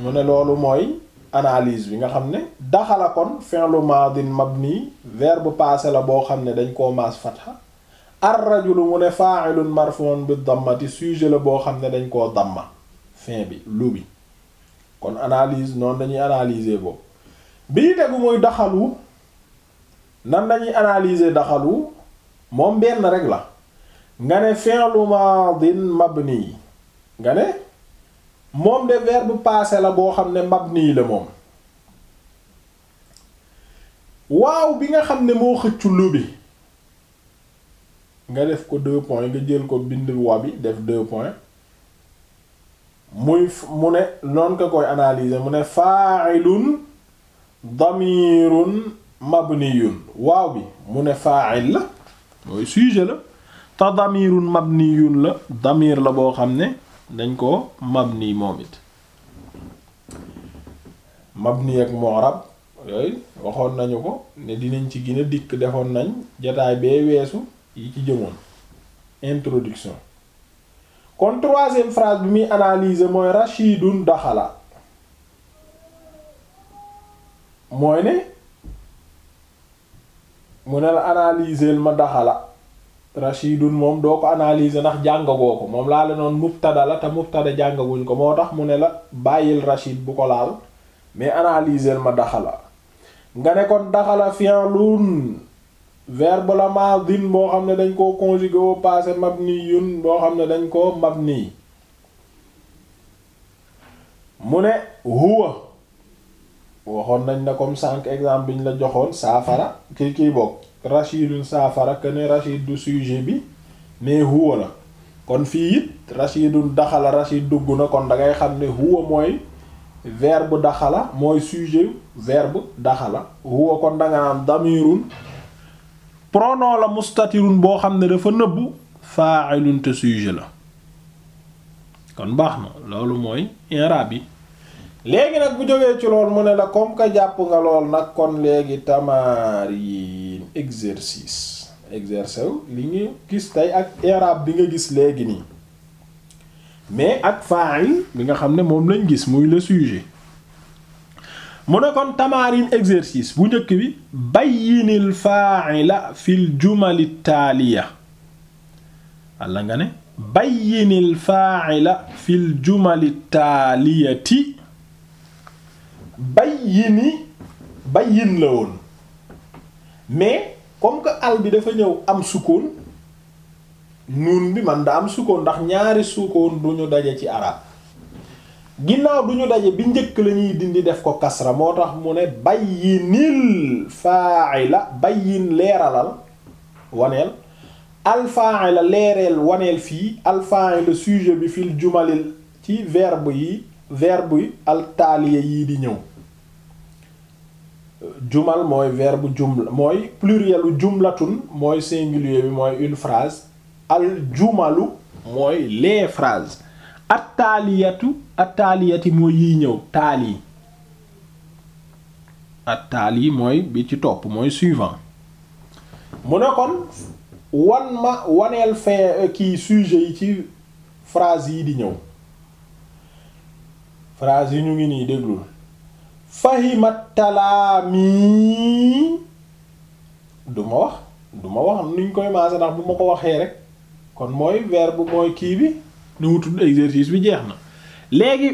mu ne loolu mooy analyse bi nga xam ne daxala kon fi'lu madin mabni verbe passé la boo xam ne dañ koo maas fatha ar rajulu mu ne fa'ilun marfon bi dammati sujet la boo xam ne dañ koo damma fin bi lu bi kon analyse noon dañuy analyser boobu bi tegu muy daxalu nan dañuy analyser daxalu moom benn rek la nga ne fi'lu maadin mabni nga ne moom de verbe passé la boo xam ne mabni la moom waaw bi nga xam ne moo xëccu lu bi nga def ko deux points nga jël ko bind wa bi def deux points muy mu ne noon koy analyser mu ne fa'ilun damirun mabniyun waaw bi mu ne fa'il la mooy sujet la te damirun mabniyun la damir la boo xam ne dañ ko mabni moom it mabni ak mu'rab yooyu waxoon nañu ko ne dinañ ci gën dikk defoon nañ jataay bee weesu yi ci jëmoon introduction kon troisième phrase bi muy analyser mooy rashidun daxala mooy ne mu ne la analyser ma daxala rashidun moom doo ko analyser ndax jàngagoo ko moom laa la noon mubtada la te mubtada jàngaguñ ko moo tax mu ne la bàyyil rashid bu ko laal mais analyser ma daxala nga ne kon daxala fi'lun verbe la madin boo xam ne dañ koo paase au passé mabniyun boo xam ne dañ ko nii mu ne huwa waxoon nañ na comme cinq exemple bi ñu la joxoon saafara kii kii bokk rachidun saafara que ne rachid du sujet bi mais huwa la kon fii it rachidun daxala rachid dugg na kon dangay xam ne huwa mooy verbe daxala mooy sujet verbe daxala huwa kon da nga naan damirun pronom la mustatirun boo xam ne dafa nëbbu fa'ilun te sujet la kon baax na loolu mooy i'rab yi léegi nag bu jógee ci lool mu ne la comme que jàpp nga lool nag kon léegi tamaar exercice exercer li ñu gis tey ak i'rab bi nga gis léegi nii mais ak fa'il bi nga xam ne moom lañ gis muy le sujet mu ne kon tamarin exercice bu njëkk bi bayyinil fa'ila fil jumali taaliya walla nga ne bayyinil fa'ila fil jumali taaliyati bayyini bayyin la woon mais comme que al bi dafa ñëw am sukkoon nuun bi man da am sukkoon ndax ñaari sukkoon du ñu daje ci arab ginnaaw du daje bi njëkk lañuy dindi def ko kasra moo tax mu ne bayyinil fa'ila bayyin leeralal waneel al fa'ila leereel waneel fii al fa'ila sujet bi fil jumalil ci verbe yi verbe yi al taaliya yii di ñëw jumal mooy verbe jumla mooy plurielu jumlatun mooy singulier bi mooy une frase al jumalu mooy les phrases at taaliyatu taaliyati mooy yiy ñëw taal yi at taal mooy bi ci topp mooy suivant mu ne kon wan ma waneel fin kii sujet yi ci frase yi di ñëw phrase yi ñu ngi nii déglul fahimat talaami du ma wax du ma wax nuñ koy maase ndax bu ma ko waxee rek kon mooy weer bu mooy kii bi nu mu tudd exercice bi jeex na léegi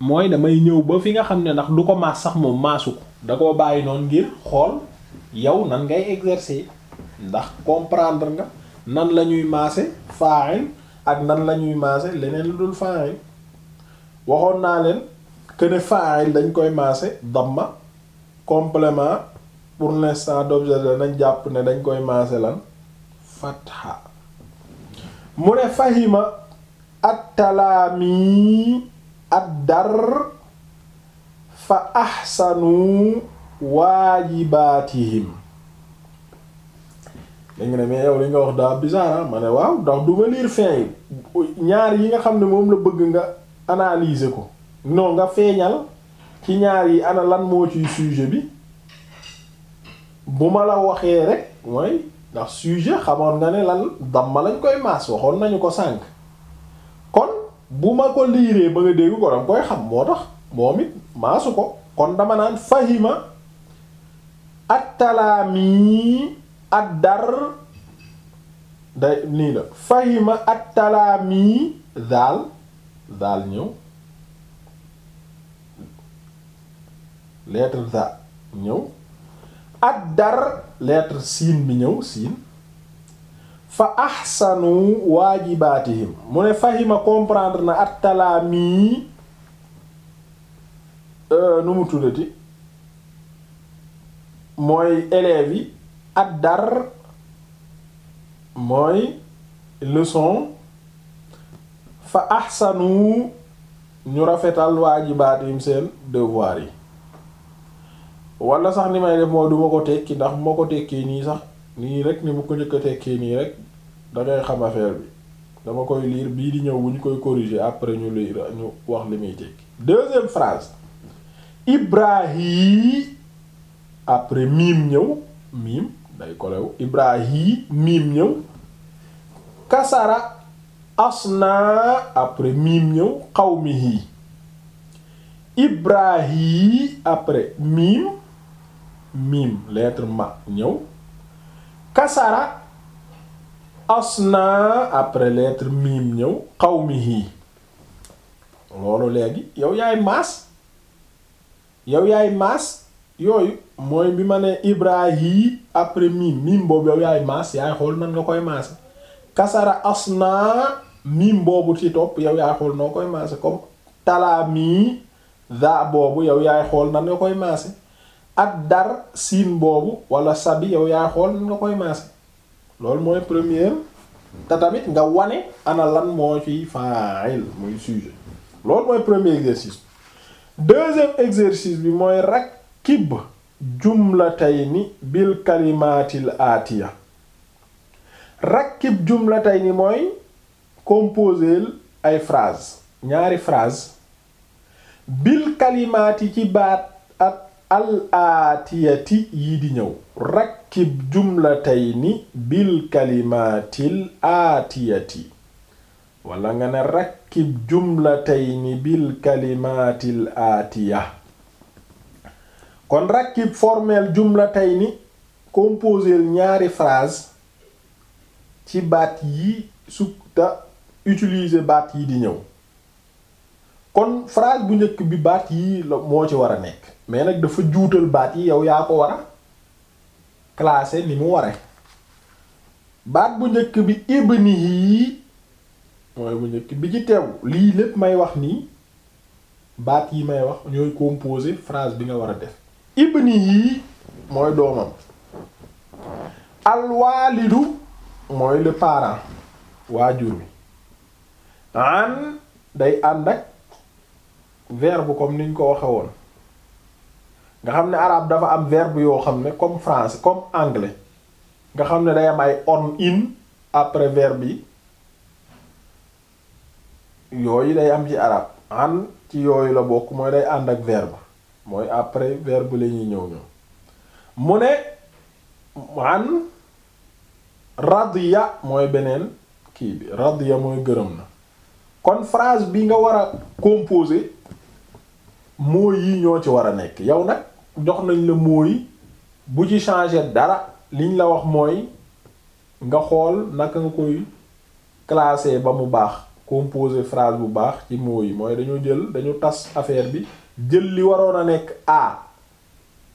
mooy damay ñëw ba fi nga xam ne ndax du ko maas sax moom maasu ko da koo bàyyi noonu ngir xool yow nan ngay exercer ndax comprendre nga nan la ñuy maase fa'il ak nan la ñuy maase leneen lu dul fa'il waxoon naa leen. que ne fa'il dañ koy maase damma complement pour l'instant d'objet danañ jàpp ne dañ koy maase lan fatha mu ne fahima attalaami addar fa ahsanu waajibaatihim dañ ne mais yow li nga wax daa bizarre ah, ma ne waaw ndax du ma liir fin yi ñaar yi nga xam ne moom la bëgg nga analyser ko non nga feeñal ci ñaar yi ana lan moo ciy sujet bi bu ma la waxee rek ndax sujet xamoon nga ne lan ma lañ koy maas waxoon nañu ko sànk kon bu ma ko liiree ba nga dégg ko danga koy xam moo tax moom it maasu ko kon dama naan fahima attalaami addar day nii la fahima attalaami daal daal ñëw lettre za ñëw ad dar lettre siin bi ñëw siin fa ahsanu waajibaatihim mu ne fahima comprendre na at talaami euh, nu mu tuddati mooy élèves yi ad dar mooy leçon fa ahsanu ñu rafetal waajibaatihim seen devoir yi wala sax ni may def mooy du ma ko tekki ndax moo ko tekkee nii sax nii rek ni mu ko njëkk a tekkee nii rek dangay xam affaire bi dama koy liir bii di ñëw bu ñu koy corriger après ñu liir ñu wax li muy tekki deuxième phrase ibrahi après miim ñëw miim day kolew ibrahi miim ñëw kasara asna après miim ñëw xawmihi ibrahi après miim miim leetre ma ñëw kasara asna après lettre miim ñëw qawmihi loolu léegi yow yaay maas yow yaay maas yooyu mooy bi ma ne ibrahi après miim miim boobu yow yaay maas yaay xool nan nga koy maase kasara asna miim boobu ci topp yow yaay xool noo koy maase comme talaa mii za boobu yow yaay xool na nga koy maase ak dar siin boobu wala sabi yow yaa xool nga koy maase loolu mooy première te tamit nga wane ana lan moo ci fa'il muy sujet loolu mooy premier exercice deuxième exercice bi mooy rakkib jumlatayni bil kalimaatil aatiya rakkib jumlatayni mooy composer ay phrase ñaari phrase bil kalimaati ci baat al aatiyati yi di ñëw rakkib jumlatayni bil kalimaatil aatiyati wala nga ne rakkib jumlatayni bil kalimaatil aatiya kon rakkib formel ni composeel ñaari phrase ci baat yi sukta utiliser baat yi di ñëw kon phrase bu njëkk bi baat yii moo ci war a nekk mais nag dafa juutal baat yi yow yaa ko war a ni mu ware baat bu njëkk bi ibnihi mooy bu njëkk bi ci teew lii lépp may wax nii baat yi may wax ñooy composer phrase bi nga war a def yii mooy doomam alwaalidu mooy le parent waajur bi an day ànd ak verbe comme niñ ko waxe woon nga xam ne arabe dafa am verbe yoo xam ne comme français comme anglais nga xam ne day am ay on in après verbe yi yooyu day am ci arabe an ci yooyu la bokk mooy day ànd ak verbe mooy après verbe la ñuy ñëw ñëw mu ne an radiya mooy beneen kii bi ya mooy gërëm na kon phrase bi nga war a composer moo yi ñoo ci war a nekk yow nag jox nañ la mooy bu ci changer dara liñ la wax mooy nga xool naka nga koy classer ba mu baax composer phrase bu baax ci mots yi mooy dañoo jël dañu tas affaire bi jël li waroon a nekk A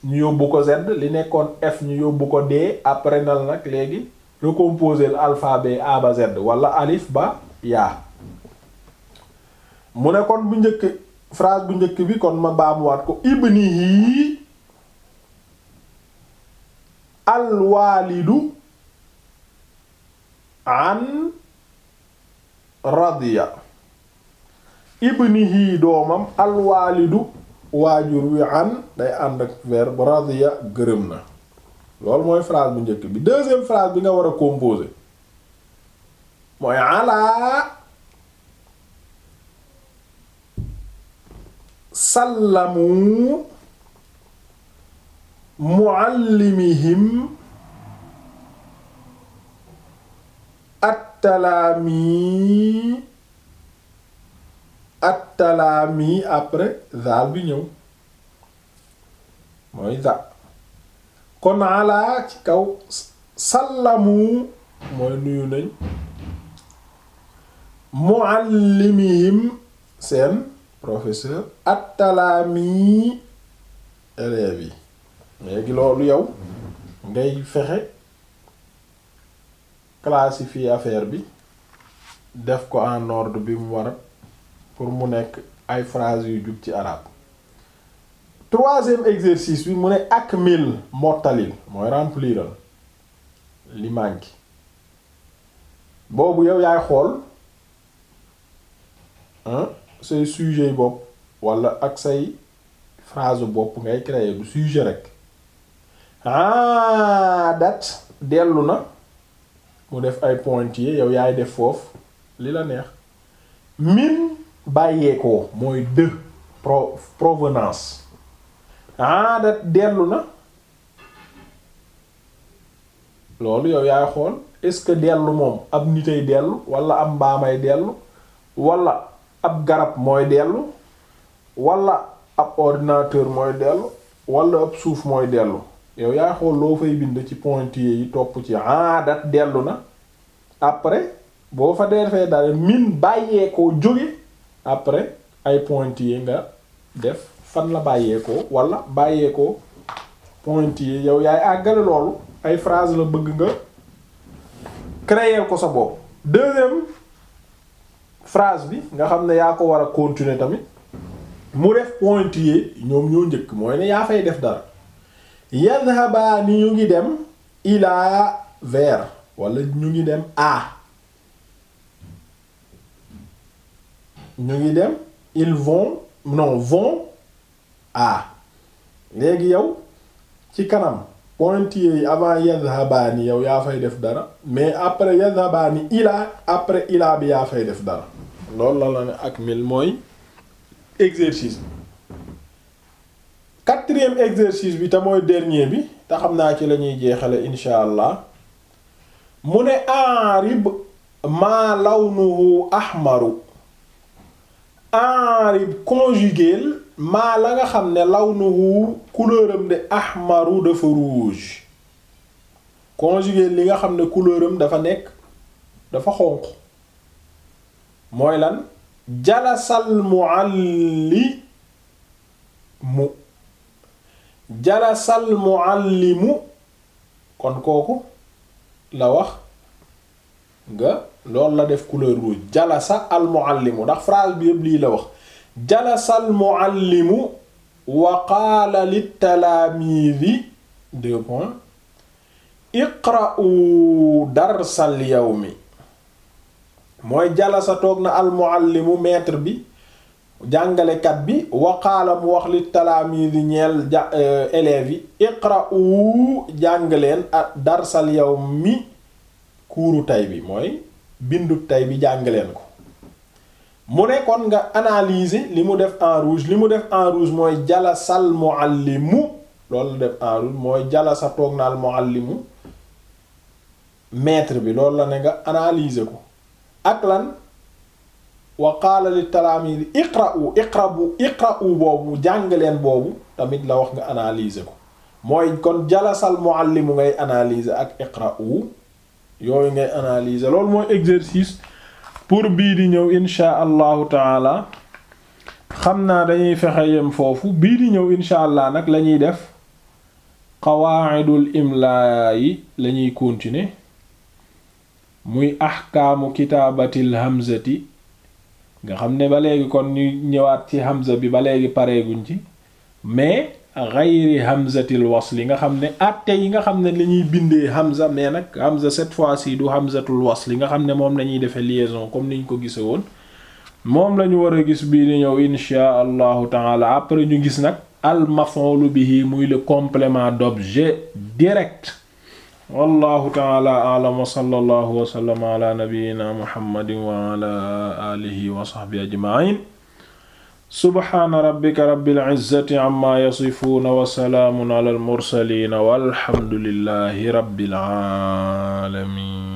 ñu yóbbu ko Z li nekkoon F ñu yóbbu ko D après nal nag léegi recomposer l'alphabet A ba Z wala alif ba yaa mu ne kon bu njëkk phrase bu njëkk bi kon ma baamuwaat ko ibni yi alwaalidu an radiya ibnihi doomam alwaalidu waajur wi an day ànd ak verbe radiya gërëm na loolu mooy phrase bu njëkk bi deuxième phrase bi nga war a composer mooy alaa sallamu muallimihim attalaami attalaami après zaal bi ñëw mooy za kon alaa ci kaw sallamu mooy nuyu nañ muallimihim seen professeur attalaami élèves yi léegi loolu yow ngay fexe classifier affaire bi def ko en ordre bi mu war pour mu nekk ay phrase yu jub ci arabe troisième exercice bi mu ne akmil mottalil mooy rempliral li manque boobu yow yaay xool say sujet bopp wala ak say phrase bopp ngay créer du sujet rek aadat ah, dellu na mu def ay pointillés yow yaay def foofu li la neex min bàyyeekoo mooy dë pro provenance aadat ah, dellu na loolu yow yaay xool est-ce que dellu moom ab nitay dellu wala ab ay dellu walla ab garab mooy dellu wala ab ordinateur mooy dellu wala ab suuf mooy dellu yow yaa xool loo fay bind ci pointillé yi topp ci aadat ah, dellu na après boo fa defee dara min bàyyeekoo jóge après ay pointillé nga def fan la bàyyeekoo wala bàyyeekoo pointillé yow yaay àggale loolu ay phrase la bëgg nga créer ko sa bopp deuxième phrase bi nga xam ne yaa ko war a continuer tamit mu def pointillé ñoom ñoo njëkk mooy ne yaa fay def dara yadhabaa ni ñu ngi dem ilaa vers walla ñu ngi dem a ñu ngi dem ils vont non vont a léegi yow ci kanam pointillés yi avant yadhabaa ni yow yaa fay def dara mais après yadhabaa ni ilaa après ilaa bi yaa fay def dara loolu la la ne ak mil mooy exercice quatrième exercice bi te mooy dernier bi te xam naa ci lañuy ñuy jeexale insha allah mu ne aarib maa lawnuhu ahmaru aarib conjuguer maa la nga xam ne law nu couleur am de ahmaru dafa rouge conjuguer li nga xam ne couleur am dafa nekk dafa xonq mooy lan jalasal muallimu jalasal muallimu kon kooku la wax nga loolu la def couleur rouge jalasa al muallimu ndax phrase bi yëpp lii la wax jalasa al muallimu wa qaala lit talaamiidi deux points iqra'u darsal mooy jalasa toog na al muallimu maître bi jàngalekat bi waqaala mu wax li talaamiis yi ñeel ja euh, élèves yi iqra'u jàngaleen ak darsal yawmi kuuru tay bi mooy bindu tay bi jàngaleen ko mu ne kon nga analyser li mu def en rouge li mu def en rouge mooy jalasal muallimu loolu def en rouge mooy jalasa toog naal muallimu maître bi loolu la ne nga analyser ko ak lan wa qaala li talaamidi iqra'u iqra'u iqra'u boobu jàng leen boobu tamit la wax nga analyser ko mooy kon jalasal muallimu ngay analyser ak iqra'u yooyu ngay analyser loolu mooy exercice pour bii di ñëw insha allahu taala xam naa dañuy fexe yem foofu bii di ñëw insha allah nag la ñuy def qawaa'idul imlaa yi la ñuy continuer muy ahkaamu kitaabatil hamzati nga xam ne ba léegi kon ñu ñëwaat ci hamza bi ba léegi pareeguñ ci mais ghayri hamzatil wasli nga xam ne atte yi nga xam ne la ñuy bindee hamza mais nag hamza cette fois-ci du hamzatul wasli nga xam ne moom lañuy defee lieson comme ñu ko gise woon moom lañu war a gis bii di ñëw insha allahu taala après ñu gis nag al maf'ul bihi muy le complément d'objet direct wallahu taala alam wa sallallahu wa sallama ala nabiyyina muhammadin wa ala alihi wa sahbihi ajma'in subhaana rabbika rabbil izzati amma yasifuuna wa salaamun ala al mursaliin walhamdulillahi rabbil aalamiin